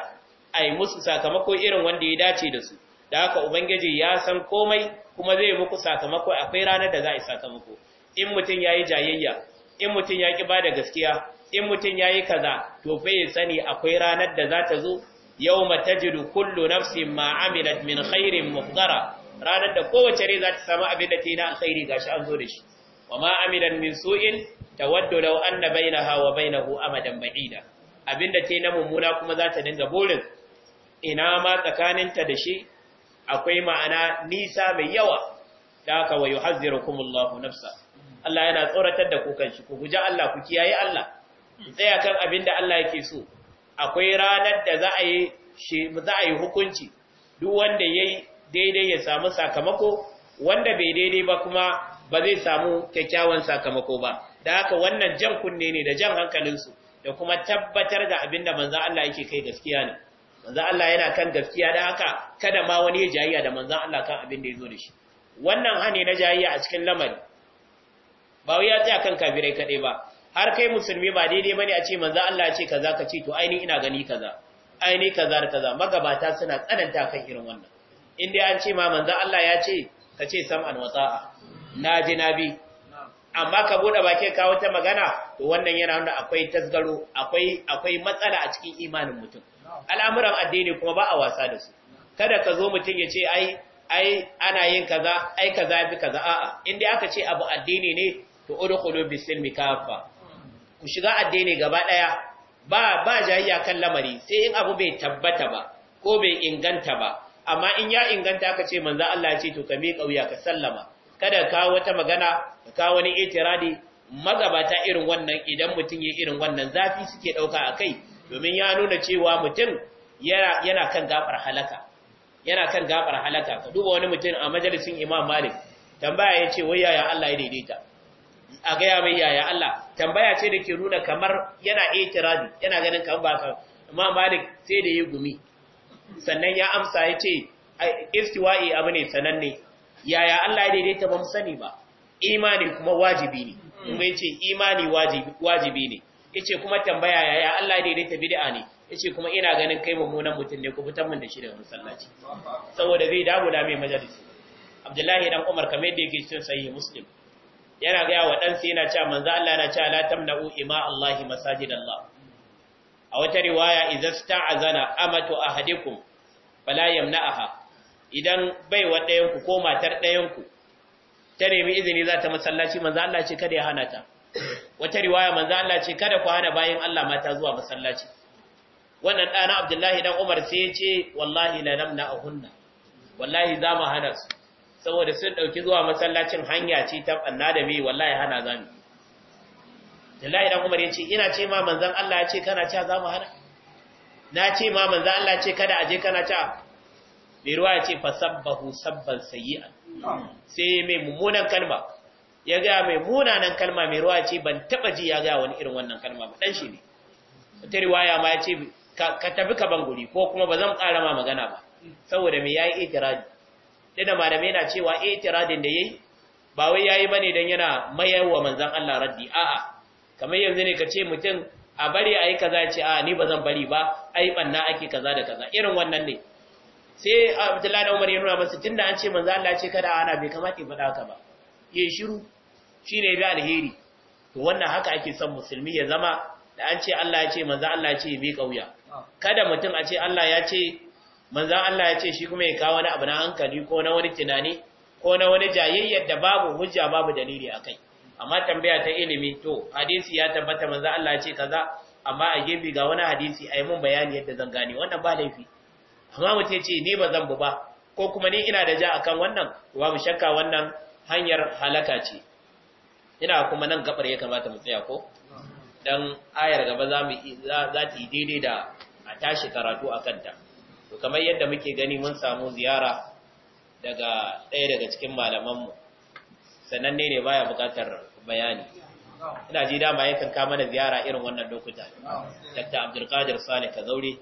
a yi musu sakamako irin wanda ya dace da su da haka ubangiji ya san komai kuma zai muku sakamako akwai ranar da za a yi sakamako in mutum ya yi jayayya in mutum ya ki bada gaskiya in mutum ya yi kaza to fa ya sani akwai ranar da za ta zo yau matajidu kullu nafsin ma amilat min khairin muhdara ranar da kowace rai za ta samu abin da ta yi na alkhairi gashi an zo da shi wa ma amilan min su'in tawaddu law anna bainaha wa bainahu amadan ba'ida abinda ce na mumuna kuma za ta dinga burin ina ma tsakaninta da shi akwai ma'ana nisa mai yawa da haka wa yuhazzirukumullahu nafsa Allah yana tsoratar da ku shi. ku guji Allah ku kiyaye Allah tsaya kan abin da Allah yake so akwai ranar da za a yi za a yi hukunci duk wanda yayi daidai ya samu sakamako wanda bai daidai ba kuma ba zai samu kyakkyawan sakamako ba da haka wannan jan kunne ne da jan hankalinsu da kuma tabbatar da abin da manzan Allah yake kai gaskiya ne manzan Allah yana kan gaskiya da haka kada ma wani ya jayiya da manzan Allah kan abin da ya zo da shi wannan hane na jayiya a cikin lamari ba wai ya tsaya kan kafirai kaɗai ba har kai musulmi ba daidai bane a ce manzan Allah ya ce kaza ka ce to aini ina gani kaza aini kaza da kaza magabata suna tsananta kan irin wannan in dai an ce ma manzan Allah ya ce ka ce sam'an wata'a na ji na bi amma ka bude baki ka wata magana to wannan yana nuna akwai tasgaro akwai akwai matsala a cikin imanin mutum al'amuran addini kuma ba a wasa da su kada ka zo mutum ya ce ai ai ana yin kaza ai kaza bi kaza a'a in dai aka ce abu addini ne to udkhulu bisilmi kafa ku shiga addini gaba daya ba ba jayayya kan lamari sai in abu bai tabbata ba ko bai inganta ba amma in ya inganta aka ce manzo Allah ya ce to ka mi wuya ka sallama kada ka wata magana ka kawo wani itiradi magabata irin wannan idan mutum ya irin wannan zafi suke dauka akai domin ya nuna cewa mutum yana yana kan gafar halaka yana kan gafar halaka ka duba wani mutum a majalisin Imam Malik tambaya yace wai yaya Allah ya daidaita a ga yaya mai yaya Allah tambaya ce da ke nuna kamar yana itiradi yana ganin kan ba Imam Malik sai da ya gumi sannan ya amsa yace istiwa'i abu ne sananne yaya Allah ya daidaita ba mu sani ba imani kuma wajibi ne hmm. kuma yace imani wajibi wajibi ne yace kuma tambaya yaya Allah ya daidaita bid'a ne yace kuma ina ganin kai mummunan mutum ne ku fitan mun da shi daga masallaci saboda zai da mai majalisi Abdullahi dan Umar kamar yadda yake cikin sahih Muslim yana ga wa dan sai yana cewa manzo Allah yana cewa la tamna'u ima Allah masajidallah a wata riwaya idza sta'azana amatu ahadikum fala yamna'aha idan baiwa ɗayanku ko matar ɗayanku ta nemi izini za ta masallaci manzo Allah ce kada ya hana ta wata riwaya manzo Allah ce kada ku hana bayan Allah mata zuwa masallaci wannan ɗana Abdullahi dan Umar sai ya ce wallahi la namna ahunna wallahi za mu hana su saboda sun dauki zuwa masallacin hanya ce ta banna da me wallahi hana za mu Abdullahi dan Umar ya ce ina ce ma manzon Allah ya ce kana cewa za mu hana na ce ma manzon Allah ya ce kada aje kana cewa mai ruwa ya ce fasabbahu sabban sayyi'an sai mai mummunan kalma ya ga mai munanan kalma mai ruwa ce ban taba ji ya ga wani irin wannan kalma ba dan shi ne ta riwaya ma ya ce ka tafi ka ban ko kuma ba zan ƙara ma magana ba saboda me yayi itiradi da malamai na cewa itiradin da ya yayi ba wai yayi ne dan yana mayarwa manzon Allah raddi a'a kamar yanzu ne ka ce mutum a bari ayi kaza ce a ni ba zan bari ba ai banna ake kaza da kaza irin wannan ne sai Abdullahi da Umar ya nuna masa tunda an ce manzo Allah ce kada ana bai kamata ya faɗa ka ba yayi shiru shine bi alheri to wannan haka ake son musulmi ya zama da an ce Allah ya ce manzo Allah ya ce bai kauya kada mutum a ce Allah ya ce manzo Allah ya ce shi kuma ya kawo wani abu na hankali ko na wani tunani ko na wani jayayyar da babu hujja babu dalili a kai. amma tambaya ta ilimi to hadisi ya tabbata manzo Allah ya ce kaza amma a gefe ga wani hadisi a ayi mun bayani yadda zan gane wannan ba laifi amma mutum ce ni ba zan bu ba ko kuma ni ina da ja akan wannan mu shakka wannan hanyar halaka ce ina kuma nan gabar ya kamata mu tsaya ko dan ayar gaba za mu za ta yi daidai da a tashi karatu akan ta to kamar yadda muke gani mun samu ziyara daga ɗaya daga cikin malaman mu, sananne ne ne baya buƙatar bayani ina ji dama yakan ka mana ziyara irin wannan lokuta dr abdulkadir salih kazauri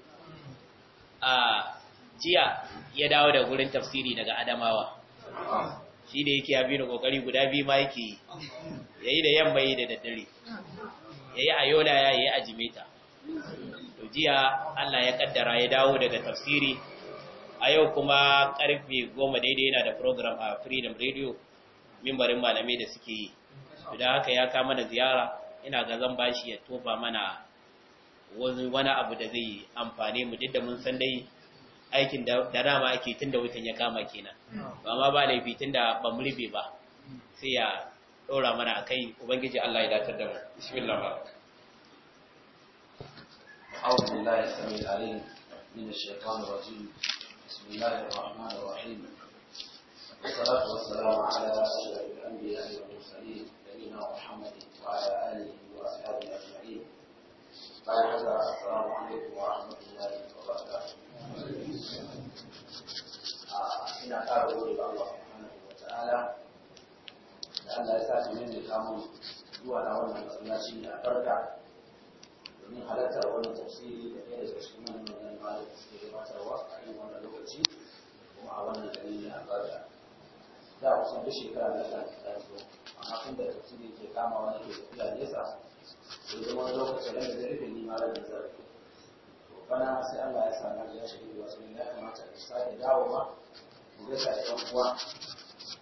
a jiya ya dawo da gurin tafsiri daga adamawa shi da yake abin kokari guda biyu ma yake yi yayi da yamma yayi da daddare yayi a yola ya yayi a jimeta to jiya Allah ya kaddara ya dawo daga tafsiri a yau kuma karfe 10 daidai yana da program a Freedom Radio mimbarin malamai da suke yi idan haka ya kama da ziyara ina ga zan bashi ya tofa mana wani abu da zai amfane mu duk da mun san dai aikin da dama ake tun da wutan ya kama kenan hmm. ba ma ba laifi tun da ba mu ba sai ya ɗora mana a kai ubangiji Allah ya datar da mu bismillah
ba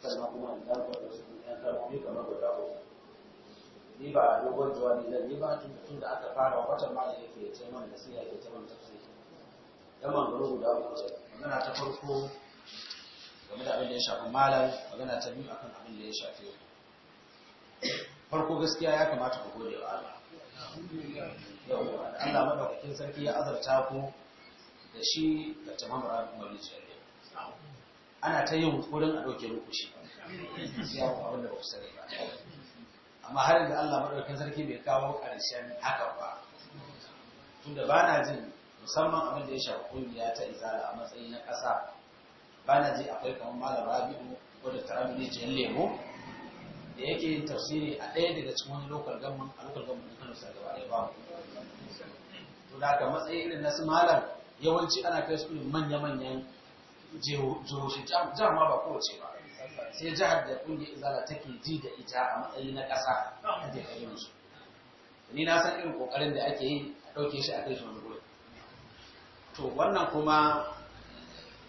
sannan kuma in dafa da su ɗan kalmomi kamar guda uku ni ba dogon ne, zan yi ba tun da aka fara watan ma da yake ce mana nasiha ke ce mana ta dan manzaro guda uku ce magana ta farko game da abin da ya shafi malam magana ta biyu akan abin da ya shafi farko gaskiya ya kamata ku gode wa Allah yawwa da Allah madaukakin sarki ya azarta ku da shi da tamamar abin da ya ana ta yin wurin a ɗauke lokaci. shi abin da ba ku sani ba amma har da Allah madaukakin sarki bai kawo ƙarshen haka ba tunda ba na jin musamman abin da ya shafi kungiya ta izala a matsayi na ƙasa ba na ji akwai kamar malam rabi'u ko da tarabi jin lemo da yake yin tafsiri a ɗaya daga cikin wani lokal gamin a lokal gamin dukkan sa gaba ɗaya ba to da haka matsayi irin na su malam yawanci ana kai su manya-manyan jihohi jihar ma ba kowace ba sai jihar da kungiyar izala take ji da ita a matsayi na ƙasa a jihar su ni na san irin kokarin da ake yi a ɗauke shi a kai shi wani to wannan kuma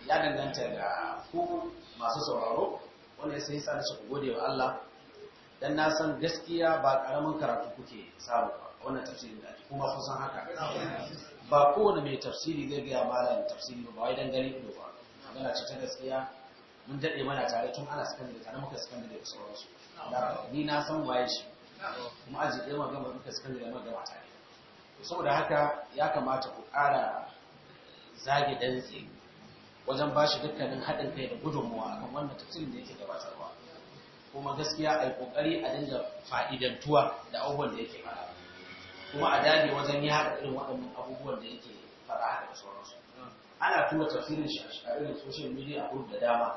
ya danganta da ku masu sauraro wanda ya sai sa ku gode wa Allah dan na san gaskiya ba karamin karatu kuke samu ba wannan tafsirin da kuma kusan haka ba kowane mai tafsiri zai gaya malamin tafsiri ba wai dan gani ido ba magana ce ta gaskiya mun daɗe mana tare tun ana da tare muka sakan da sauransu ni na san waye shi kuma aji ɗaya magana muka sakandare da gama tare saboda haka ya kamata ku ƙara zage dantse wajen ba shi dukkanin haɗin kai da gudunmuwa akan wannan tafsirin da yake gabatarwa kuma gaskiya a yi ƙoƙari a dinga fa'idantuwa da abubuwan da yake fara kuma a dage wajen yi haɗa irin waɗannan abubuwan da yake haɗa da sauransu ana kuma tafsirin shi a irin social media group da dama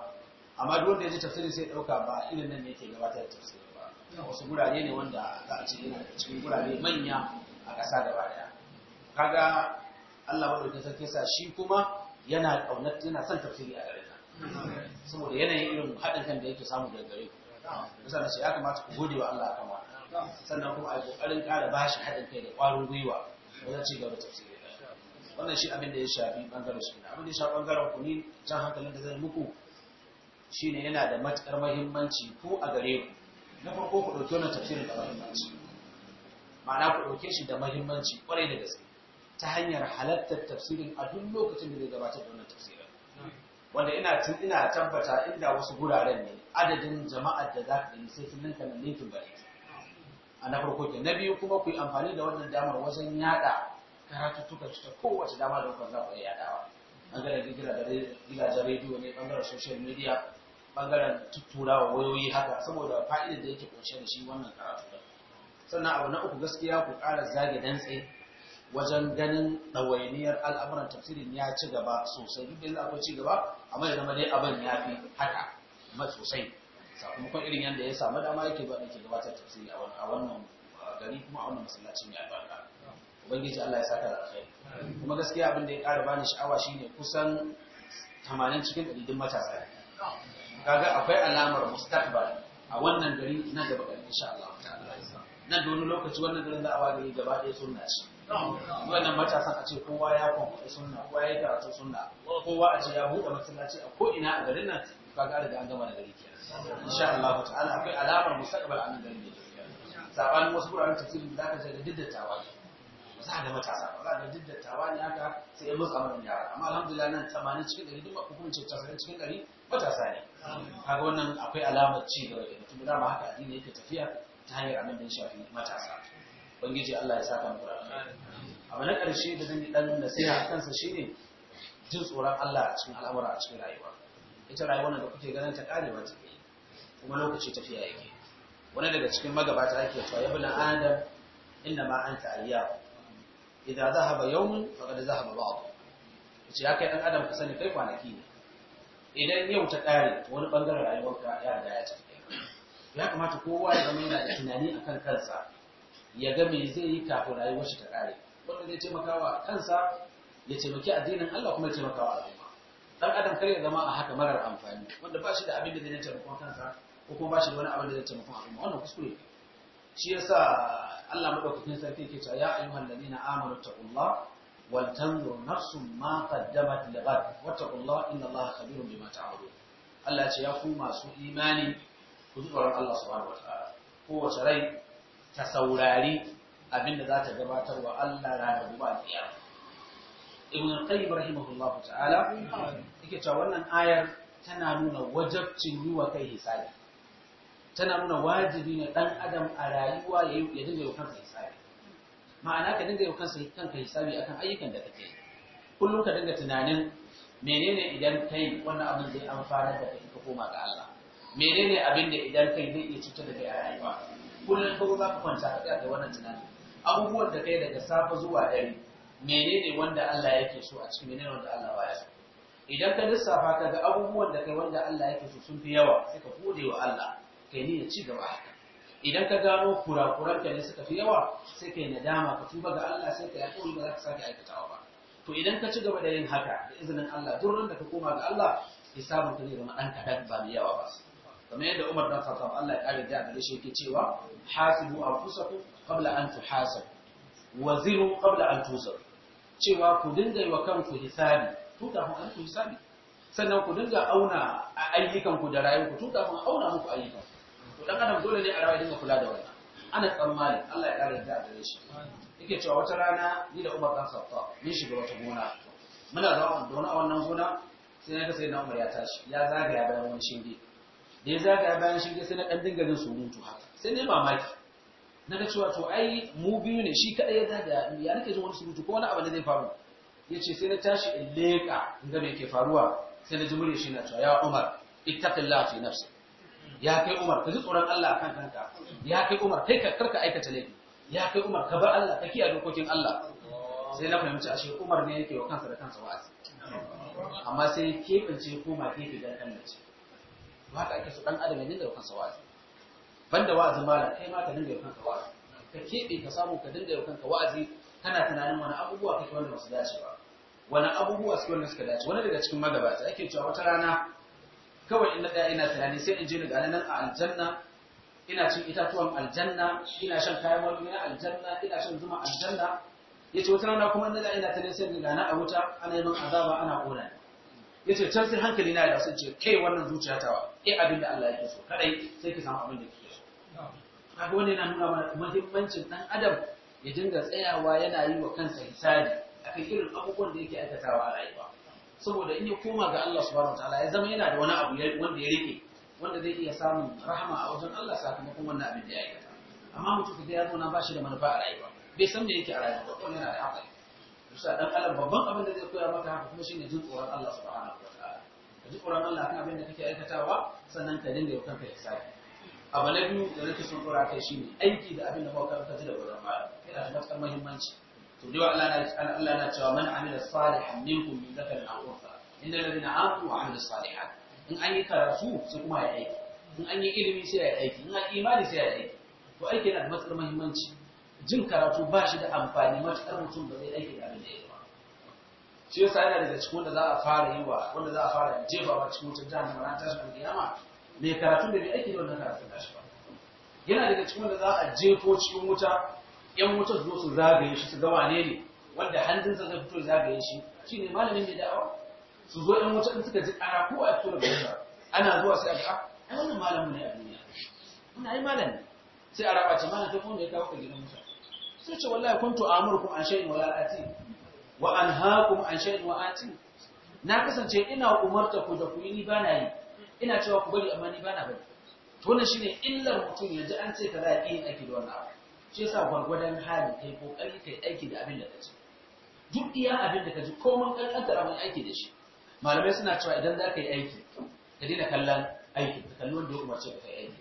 amma duk wanda ya ji tafsirin sai dauka ba irin nan yake gabata da tafsirin ba wasu gurare ne wanda za a ce yana da cikin gurare manya a ƙasa gaba daya kaga Allah madaukakin sarki sa shi kuma yana kaunar yana son tafsiri a gare saboda yanayin irin haɗin kan da yake samu daga gare ku misali sai ya kamata ku gode wa Allah akan wannan sannan kuma a kokarin ƙara bashi haɗin kai da ƙwarin gwiwa wajen ci gaba tafsiri wannan shi abin da ya shafi bangaren suna abin da ya shafi bangaren ku can jan hankalin da zai muku Shi ne yana da matukar muhimmanci ko a gare ku na farko ku ɗauke wannan tafsirin da mahimmanci ma'ana ku ɗauke shi da muhimmanci kwarai da gaske ta hanyar halattar tafsirin a duk lokacin da zai gabatar da wannan tafsirin wanda ina tun ina tabbata inda wasu guraren ne adadin jama'ar da za ka gani sai sun ninka na ninkin bari a na farko ke na biyu kuma ku yi amfani da wannan damar wajen yada karatuttuka su cuta kowace dama da kuma za dawa ɓangaren yadawa da gidajen rediyo ne bangaren social media tuttura wa wayoyi haka saboda fa'ida da yake ƙunshe da shi wannan karatu da sannan abu na uku gaskiya ku ƙara zage dantse wajen ganin ɗawainiyar al'amuran tafsirin ya ci gaba sosai duk da yanzu akwai ci gaba amma ya zama dai abin ya fi haka ma sosai sakamakon irin yadda ya samu dama yake ba ke gabatar tafsiri a wannan gari kuma a wannan masallacin ya albarka ubangiji Allah ya saka da alkhairi kuma gaskiya abin da ya ƙara bani sha'awa shine kusan 80 cikin din matasa kaga akwai alamar mustaqbal a wannan gari na gaba gari insha Allah ta'ala nan da wani lokaci wannan garin za a wagari gaba ɗaya sunna shi. wannan matasan a ce kowa ya kwamfuta sunna kowa ya karatu sunna kowa a ce ya buɗe masallaci a ko ina a garin nan ka ga da an gama da gari kenan insha Allah ta'ala akwai alamar mustaqbal a nan garin ne sabanin wasu guraren tafsirin da zaka je da diddatawa za a da matasa za da duk dattawa ne haka sai ya musu amuran yara amma alhamdulillah nan tamanin cikin ɗari duk ko kuma ce tasirin cikin ɗari matasa ne kaga wannan akwai alamar ci gaba da mutum ma haka addini yake tafiya ta hanyar abin da ya shafi matasa ubangiji Allah ya saka mu abu na karshe da zan yi dan nasiha kansa shine jin tsoron Allah a cikin al'amura a cikin rayuwa ita rayuwar da kuke ganin ta karewa ta kuma lokaci tafiya yake wani daga cikin magabata yake cewa ya bin adam inda ma an ta'ayya idan zahaba yawmun faqad zahaba ba'd Wace ya kai ɗan adam ka sani kai kwanaki ne idan yau ta kare wani ɓangaren rayuwarka ya da ya ci ya kamata kowa ya zama yana da tunani akan kansa ya ga me zai yi kafin rayuwar shi ta ƙare. wanda zai taimakawa kansa ya taimaki addinin Allah kuma ya taimakawa al'umma dan adam kare ya zama a haka marar amfani wanda ba shi da abin da zai taimakon kansa ko kuma ba shi da wani abin da zai taimaka al'umma wannan kuskure ne shi yasa Allah madaukakin sarki yake cewa ya ayyuhal ladina amanu taqullah wal tanzur nafsum ma qaddamat lighad wattaqullah inna Allah khabirun bima ta'malun Allah ce ya ku masu imani ku ji tsoron Allah subhanahu wataala kowace rai ta saurari abinda za ta gabatar wa Allah ranar gobe alƙiyama ibn qayyim rahimahullahu ta'ala yake cewa wannan ayar tana nuna wajabcin yi wa kai hisabi tana nuna wajibi ne dan adam a rayuwa ya dinga yau kansa hisabi ma'ana ka dinga yau kansa kanka hisabi akan ayyukan da kake yi kullum ka dinga tunanin menene idan kai wannan abin zai amfanar da kai ka koma ga Allah menene abin da idan kai zai iya cutar da kai a rayuwa kullum ko za ka kwanta ka tsaya da wannan tunanin abubuwan da kai daga safa zuwa dare menene wanda Allah yake so a cikin menene wanda Allah baya so idan ka lissafa ka ga abubuwan da kai wanda Allah yake so sun fi yawa sai ka gode wa Allah kai ne ya ci gaba haka idan ka gano kurakuran ka ne suka fi yawa sai kai nadama ka tuba ga Allah sai ka yi alƙawari ba za ka sake aikatawa ba to idan ka ci gaba da yin haka da izinin Allah duk ran da ka koma ga Allah hisabun ka zai zama ɗan kaɗan ba mai yawa ba kamar yadda Umar dan Khattab Allah ya kare da gare shi yake cewa hasibu anfusakum qabla an tuhasabu waziru qabla an tuzaru cewa ku dinga yi wa kanku hisabi tuta kafin an hisabi sannan ku dinga auna ayyukanku da rayuwarku tun kafin auna muku ayyukanku to dan adam dole ne a rawa dinga kula da wannan ana tsammanin. Allah ya ƙara da gare shi yake cewa wata rana ni da Umar dan Khattab mun shiga wata gona muna zama da wani a wannan gona sai na ga sai na Umar ya tashi ya zagaya bayan wani shinge da ya zagaya bayan shinge sai na dan dinga jin surutu haka sai ne mamaki na ga cewa to ai mu biyu ne shi kadai ya zagaya ya nake jin wani surutu ko wani abu da zai faru yace sai na tashi in leka in ga me ke faruwa sai na ji murya shi na cewa ya Umar ittaqillahi nafsi ya kai Umar ka ji tsoron Allah kan kanka ya kai Umar kai ka karka aikata laifi ya kai Umar ka bar Allah ka kiyaye dokokin Allah sai na fahimci ashe Umar ne yake wa kansa da kansa wa'azi amma sai ya ko koma gefe dan Allah ba ka ake su dan adam ya dinga wa kansa wa'azi banda wa'azin mala kai ma ka dinga wa kanka wa'azi ka kebe ka samu ka dinga wa kanka wa'azi kana tunanin wani abubuwa kake wanda ba su dace ba wani abubuwa suke wanda suka dace wani daga cikin magabata ake cewa wata rana kawai ina na ina tunani sai in je ni gane nan a aljanna ina cin itatuwan aljanna ina shan kayan marmari na aljanna ina shan zuma aljanna ce wata rana kuma in a ina tunani sai in gane a wuta ana yi min azaba ana kona yace can sai hankali na ya sun ce kai wannan zuciya tawa eh abin da Allah yake so kadai sai ki samu abin da kike so kaga wannan yana nuna mana muhimmancin dan adam ya dinga tsayawa yana yi wa kansa hisabi akan irin abubuwan da yake aikatawa a rayuwa saboda in ya koma ga Allah subhanahu wataala ya zama yana da wani abu wanda ya rike wanda zai iya samun rahama a wajen Allah sakamakon wannan abin da ya aikata amma mutum da ya zo na ba shi da manufa a rayuwa bai san me yake a rayuwa ba kuma yana da haƙari bisa dan Allah babban abin da zai koya maka haka kuma shine jin tsoron Allah subhanahu wataala ka ji tsoron Allah kan abin da kake aikatawa sannan ka dinga yau kanka hisabi abu na biyu da nake son tsora kai shine aiki da abin da ba ka da wurin ba yana da matuƙar muhimmanci to Allah na Allah na cewa man amila salihan minkum min dhakarin aw Inda innal ladina amanu wa amilus salihat in an yi karatu sai kuma ya aiki in an yi ilimi sai ya aiki in an imani sai ya aiki to aiki yana da matsar muhimmanci jin karatu ba shi da amfani matuƙar mutum ba zai aiki da abin da ya ba shi yasa yana daga cikin wanda za a fara yi wa wanda za a fara jefa wa cikin wutar jihar mara tashi da kiyama mai karatu da bai aiki da wannan karatu da shi ba yana daga cikin wanda za a jefo cikin wuta yan wuta su su zagaye shi su ga wane ne wanda hannunsa zai fito zagaye shi shine malamin mai da'awa su zo yan wuta in suka ji ƙara ko a tura daga ana zuwa sai a ga ai wannan malamin ne a duniya muna yi malami sai a raba ce malam ta kone ya kawo ka gidan wuta sai ce wallahi kuntu amurkum an shay'in wala la'ati wa anhaakum an shay'in wa ati na kasance ina umarta ku da ku yi ni bana yi ina cewa ku bari amma ni bana bari to wannan shine illar mutum yaji an ce kaza ya ƙi aiki da wannan abu shi yasa gwargwadon hali kai kokari kai aiki da abin da ka ji duk iya abin da ka ji komai kankantar abin aiki da shi malamai suna cewa idan za ka yi aiki ka daina kallon aiki ka kalli wanda ya umarce ka kai aiki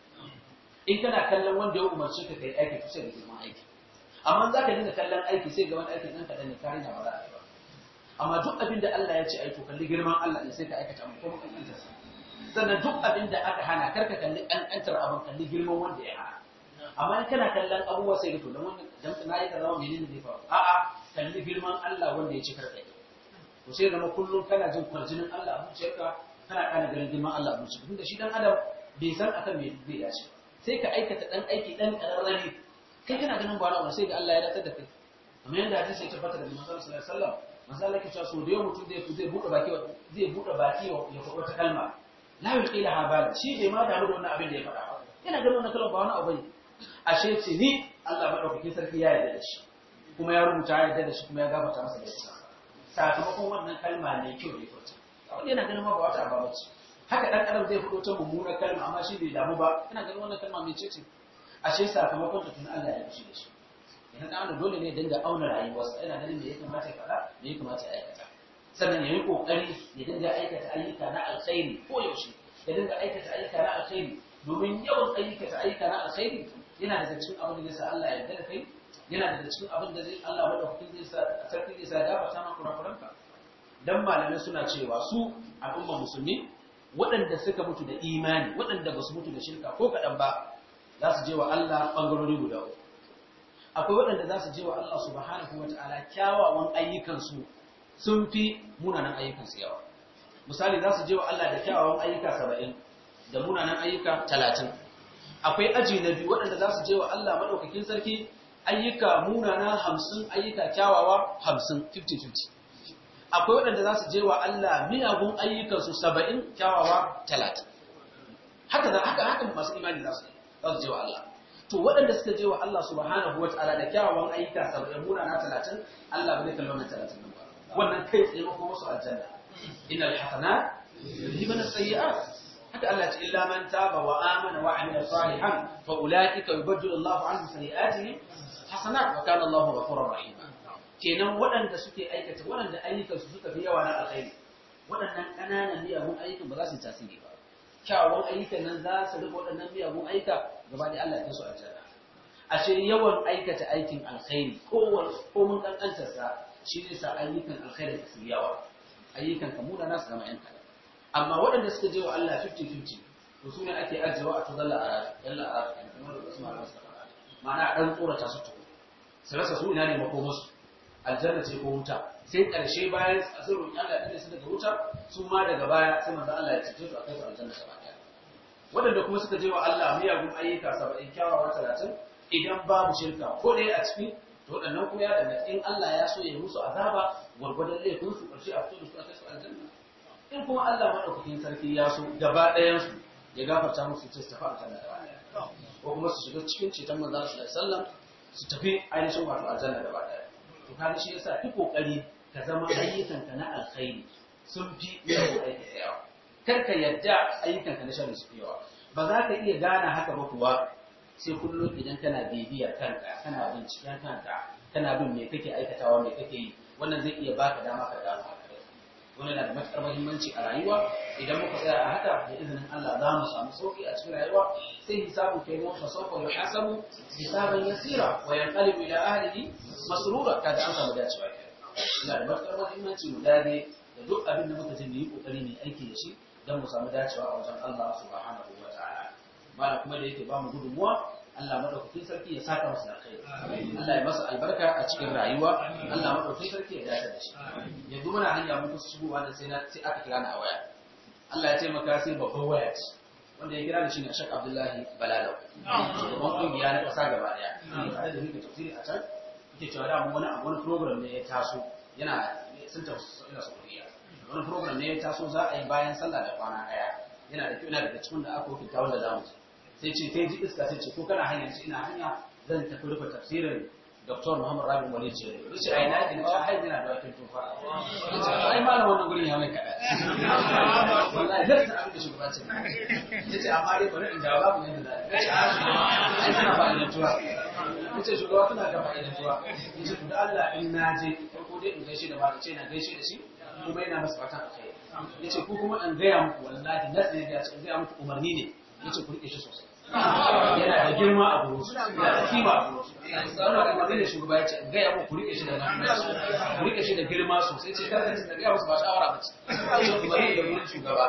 in kana kallon wanda ya umarce ka kai aiki kusa sai da girman aiki amma za ka daina kallon aiki sai ga wani aikin ɗan kaɗan ne ka hanya ba za a yi ba amma duk abin da Allah ya ce ai kalli girman Allah ne sai ka aikata mu komai kankantar sannan duk abin da aka hana karka kalli kankantar abin kalli girman wanda ya hana amma in kana kallon abubuwa sai to dan wannan dan na yi kaza menene zai faru a'a kalli girman Allah wanda ya ci karkai to sai zama kullum kana jin kwarjinin Allah a zuciyarka kana kana ganin girman Allah a zuciyarka tunda shi dan adam bai san akan me zai dace sai ka aikata dan aiki dan kararrare kai kana ganin ba wani sai da Allah ya dace da kai amma yanda hadisi ya tabbata da Muhammad sallallahu alaihi wasallam masala ke cewa so da yau mutum zai zai buɗe baki zai buɗe baki ya faɗi wata kalma la yuqila habala shi bai ma damu da wannan abin da ya faɗa yana ganin wannan kalma ba wani abu ne ashe ce ni Allah madaukakin sarki ya yarda da shi kuma ya rubuta ya yarda da shi kuma ya gabata masa da shi sakamakon wannan kalma ne kyau da kyauta wanda yana ganin ma ba wata ba bace haka dan adam zai fito ta mummunar kalma amma shi bai damu ba yana ganin wannan kalma mai cece ashe sakamakon ta tun Allah ya yarda da shi yana da dole ne dinga auna rayuwarsa yana ganin me ya kamata ya faɗa me ya kamata ya aikata sannan ya yi kokari ya dinga aikata ayyuka na alkhairi ko yaushe ya dinga aikata ayyuka na alkhairi domin yawan ta ayyuka na alkhairi yana da cikin abin da zai Allah ya yarda kai yana da cikin abin da zai Allah sa sarki zai sa gafarta kurakuranka dan malamai suna cewa su al'umma musulmi waɗanda suka mutu da imani waɗanda ba su mutu da shirka ko kaɗan ba za su je wa Allah ɓangarori guda uku akwai waɗanda za su je wa Allah subhanahu wa ta'ala kyawawan ayyukansu sun fi munanan ayyukansu yawa misali za su je wa Allah da kyawawan ayyuka saba'in da munanan ayyuka talatin akwai aji na biyu waɗanda za su je wa Allah maɗaukakin sarki ayyuka munana hamsin ayyuka kyawawa hamsin 50-50 akwai waɗanda za su je wa Allah miyagun ayyukansu saba'in kyawawa talatin haka za haka haka masu imani za su je wa Allah to waɗanda suka je wa Allah subhanahu wataala da kyawawan ayyuka saba'in munana talatin Allah bai kalli wannan talatin nan ba wannan kai tsaye ko musu aljanna innal hasanat yuzhibun as-sayyi'at haka Allah ce illa man taba wa amana wa amila salihan fa ulaika yubaddilu Allahu anhum sayi'atihim hasanat wa kana Allahu ghafurur rahim kenan waɗanda suke aikata waɗanda ayyukan su suka fi yawa na alkhairi waɗannan ƙananan miyagun ayyukan ba za su tasiri ba kyawun ayyukan nan za su rufe waɗannan miyagun ayyuka gaba da Allah ta so a jana ashe yawan aikata aikin alkhairi kowane komun ƙanƙantarsa shi ne sa ayyukan alkhairi su yawa ayyukan kamuna na su zama 'yan kaɗan amma waɗanda suka je wa Allah 50-50 to su ne ake ajiyewa a tazalla a rafi yalla a rafi kamar da wasu masu Rasul ma'ana a ɗan tsorata su to su rasa su ina ne musu aljanna ce ko wuta sai ƙarshe bayan sun roƙi Allah ya su daga wuta su ma daga baya sai manzo Allah ya cece su a kai su aljanna gaba ɗaya waɗanda kuma suka je wa Allah miyagun ayyuka saba'in kyawawa talatin idan babu shirka ko ɗaya a ciki to waɗannan kuma ya danganta in Allah ya so ya musu azaba gwargwadon laifin su ƙarshe a fito da su a kai su aljanna
in kuma Allah
maɗaukakin sarki ya so gaba ɗayansu ya gafarta musu ta tafi aljanna gaba ɗaya ko kuma su shiga cikin ceton manzo sallallahu alaihi wasallam su tafi ainihin wato aljanna gaba ɗaya to kaga shi yasa ki kokari ka zama ka na alkhairi sun fi yawan aiki da yawa kar ka yadda ayyukanka na sharri su fi yawa ba za ka iya gane haka ba kuwa sai kullum idan kana bibiya kanka kana binciken kanka kana bin me kake aikatawa me kake yi wannan zai iya baka dama ka dama wani da matuƙar mahimmanci a rayuwa idan muka tsaya a haka da izinin Allah za mu samu sauki a cikin rayuwa sai hisabu kai mu fa sawfa yuhasabu hisaban yasira wa yanqalibu ila ahlihi masrura kada an samu dacewa ina da matuƙar mahimmanci mu dade da duk abin da muka ji mu kokari mu aiki da shi don mu samu dacewa a wajen Allah subhanahu wa ta'ala mala kuma da yake ba mu gudunmuwa Allah madaukakin sarki ya saka masa alkhairi Allah ya masa albarka a cikin rayuwa Allah madaukakin sarki ya dace da shi yanzu muna hanya mun kusa shigowa nan sai na sai aka kira ni a waya Allah ya taimaka sai babban waya ce wanda ya kira ni shine Sheikh Abdullahi Balalau shugaban kungiya na kasa gaba daya tare da muke tafsiri a can muke cewa da wani wani program ne ya taso yana sun tafi ina Saudiya wani program ne ya taso za a yi bayan sallah da kwana daya yana da kyau yana daga cikin da aka hukunta wanda za mu ci sai ce ta yi iska sai ce ko kana hanya ce ina hanya zan tafi rufe tafsirin Dr. Muhammad Rabi wani ce ya ce ai na ji na har yana da wakil tufa ya ce ai malam wani gurin ya mai kada wallahi zai ta abin da shugaba ce ya ce amma dai bari in dawo babu yadda za a yi ai tana ba idan tuwa ya ce shugaba tana da ba idan tuwa ya ce da Allah in na je farko dai in gaishe da malam ce na gaishe da shi kuma yana masa fatan akai ya ce ko kuma an gaya muku wallahi na tsaye da ya ce in gaya muku umarni ne 一直不一直说。yana da girma a gurin yana da kima a gurin su sauna shugaba ya ce in gaya ku rike shi da ku rike shi da girma sosai ce kar da gaya ba shawara ba ce da shugaba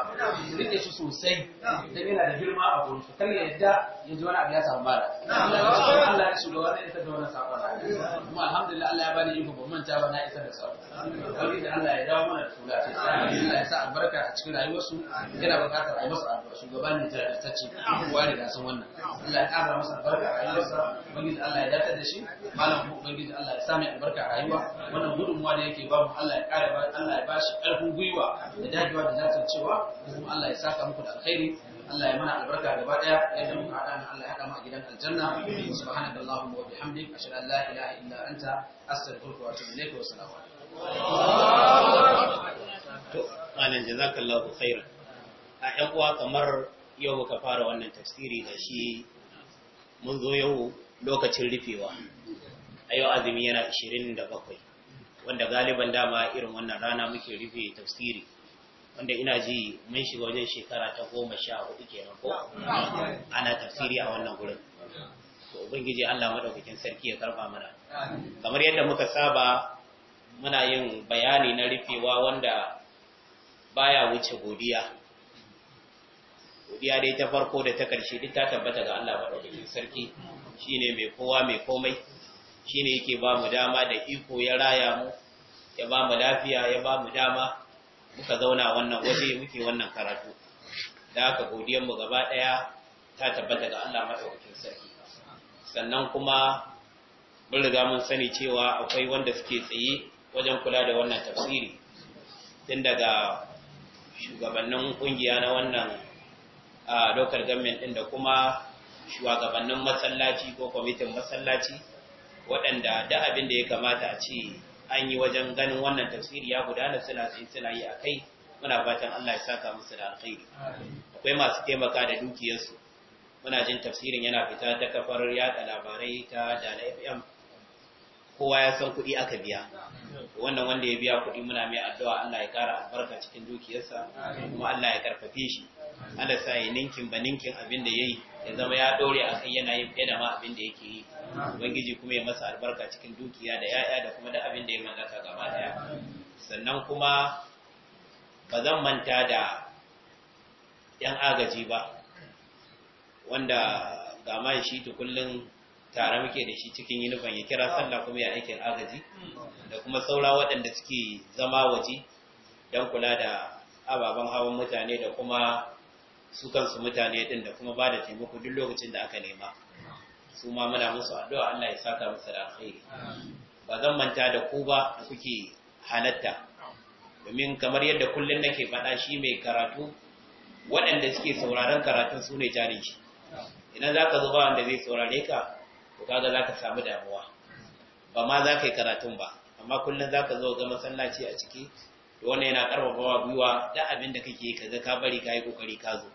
ku rike shi sosai yana da girma a gurin su kar ya yadda ya ji wani abu ya samu mara Allah ya shugaba zai da kuma alhamdulillah Allah ya bani iko ban manta ba na da da Allah ya dawo mana tura ce Allah ya sa albarka a cikin rayuwarsu yana buƙatar a yi masa addu'a shugaba ne jajirtacce kowa da wannan Allah ya ƙara masa albarka a rayuwarsa ubangiji Allah ya datar da shi malam kuma ubangiji Allah ya sami albarka a rayuwa wannan gudunmuwa da yake babu Allah ya ƙara Allah ya bashi gwiwa da dajewa da zatar cewa kuma Allah ya saka muku da alkhairi Allah ya mana albarka gaba daya yadda muka hada nan Allah ya haɗa mu a gidan aljanna subhanaka wa bihamdik ashhadu an la ilaha illa anta astaghfiruka wa atubu ilayk wa assalamu alaikum
to jazakallahu khairan a uwa kamar yau muka fara wannan tafsiri da shi mun zo yau lokacin rufewa a yau azumi yana 27 wanda galiban dama irin wannan rana muke rufe tafsiri wanda ina ji mun shiga wajen shekara ta goma sha hudu kenan ko ana tafsiri a wannan gurin to ubangiji Allah madaukakin sarki ya karba mana kamar yadda muka saba muna yin bayani na rufewa wanda baya wuce godiya godiya dai ta farko da ta ƙarshe duk ta tabbata ga Allah madaukakin sarki shine mai kowa mai komai shine yake ba mu dama da iko ya raya mu ya ba mu lafiya ya ba mu dama muka zauna wannan waje muke wannan karatu da haka godiyar mu gaba ɗaya ta tabbata ga Allah madaukakin sarki sannan kuma mun riga mun sani cewa akwai wanda suke tsaye wajen kula da wannan tafsiri tun daga shugabannin kungiya na wannan a dokar government din da kuma shugabannin masallaci ko kwamitin masallaci waɗanda da abin da ya kamata a ce an yi wajen ganin wannan tafsiri ya gudana suna sai suna yi a kai muna fatan Allah ya saka musu da alkhairi akwai masu taimaka da dukiyarsu muna jin tafsirin yana fita ta kafar yada labarai ta da FM kowa ya san kuɗi aka biya wannan wanda ya biya kuɗi muna mai addu'a Allah ya ƙara albarka cikin dukiyarsa kuma Allah ya karfafe shi Allah sa ya ninkin ba ninkin abin da yayi ya zama ya dore kai yana yin fiye da ma abin da yake yi ubangiji kuma ya masa albarka cikin dukiya da ya'ya da kuma da abin da ya mallaka gaba daya sannan kuma ba zan manta da yan agaji ba wanda ga shi ta tare muke da shi cikin yunifan ya kira sallah kuma ya aikin agaji da kuma saura waɗanda suke zama waje don kula da ababen hawan mutane da kuma su kansu mutane din da kuma ba da taimako duk lokacin da aka nema su ma muna musu addu'a Allah ya saka musu da alkhairi ba zan manta da ku ba da kuke halatta domin kamar yadda kullum nake faɗa shi mai karatu waɗanda suke sauraron karatun su ne jarin shi idan za ka zo wanda zai saurare ka to kaga zaka samu damuwa ba ma za ka yi karatun ba amma kullum za ka zo ga masallaci a ciki da wannan yana karfafa wa gwiwa da abin da kake yi kaga ka bari ka yi kokari ka zo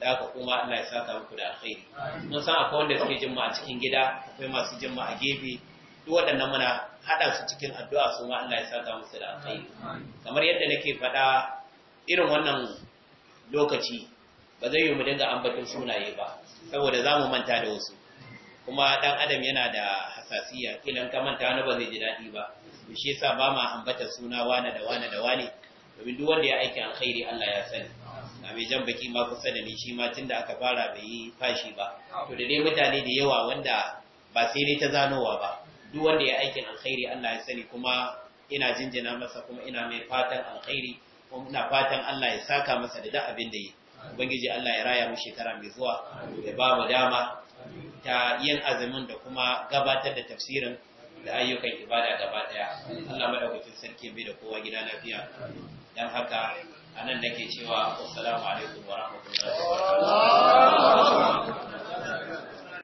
da haka kuma Allah ya saka muku da alkhairi mun san akwai wanda suke jin a cikin gida akwai masu jin a gefe duk waɗannan muna haɗa su cikin addu'a su ma Allah ya saka musu da alkhairi kamar yadda nake faɗa irin wannan lokaci ba zai yi mu dinga ambaton sunaye ba saboda za mu manta da wasu kuma dan adam yana da hasasiya kilan ka manta wani ba zai ji daɗi ba to shi yasa ba ma ambata suna wani da wani da wani domin duk wanda ya aiki alkhairi Allah ya sani a mai jan baki ma kusa da ni shi ma tunda aka fara bai yi fashi ba to da dai mutane da yawa wanda ba sai dai ta zanowa ba duk wanda ya aikin alkhairi Allah ya sani kuma ina jinjina masa kuma ina mai fatan alkhairi kuma ina fatan Allah ya saka masa da duk abin da yi ubangiji Allah ya raya mu shekara mai zuwa ya ba mu dama ta yin azumin da kuma gabatar da tafsirin da ayyukan ibada gaba daya Allah madaukakin sarki bi da kowa gida lafiya dan haka anan nake cewa assalamu alaikum wa rahmatullahi wa barakatuh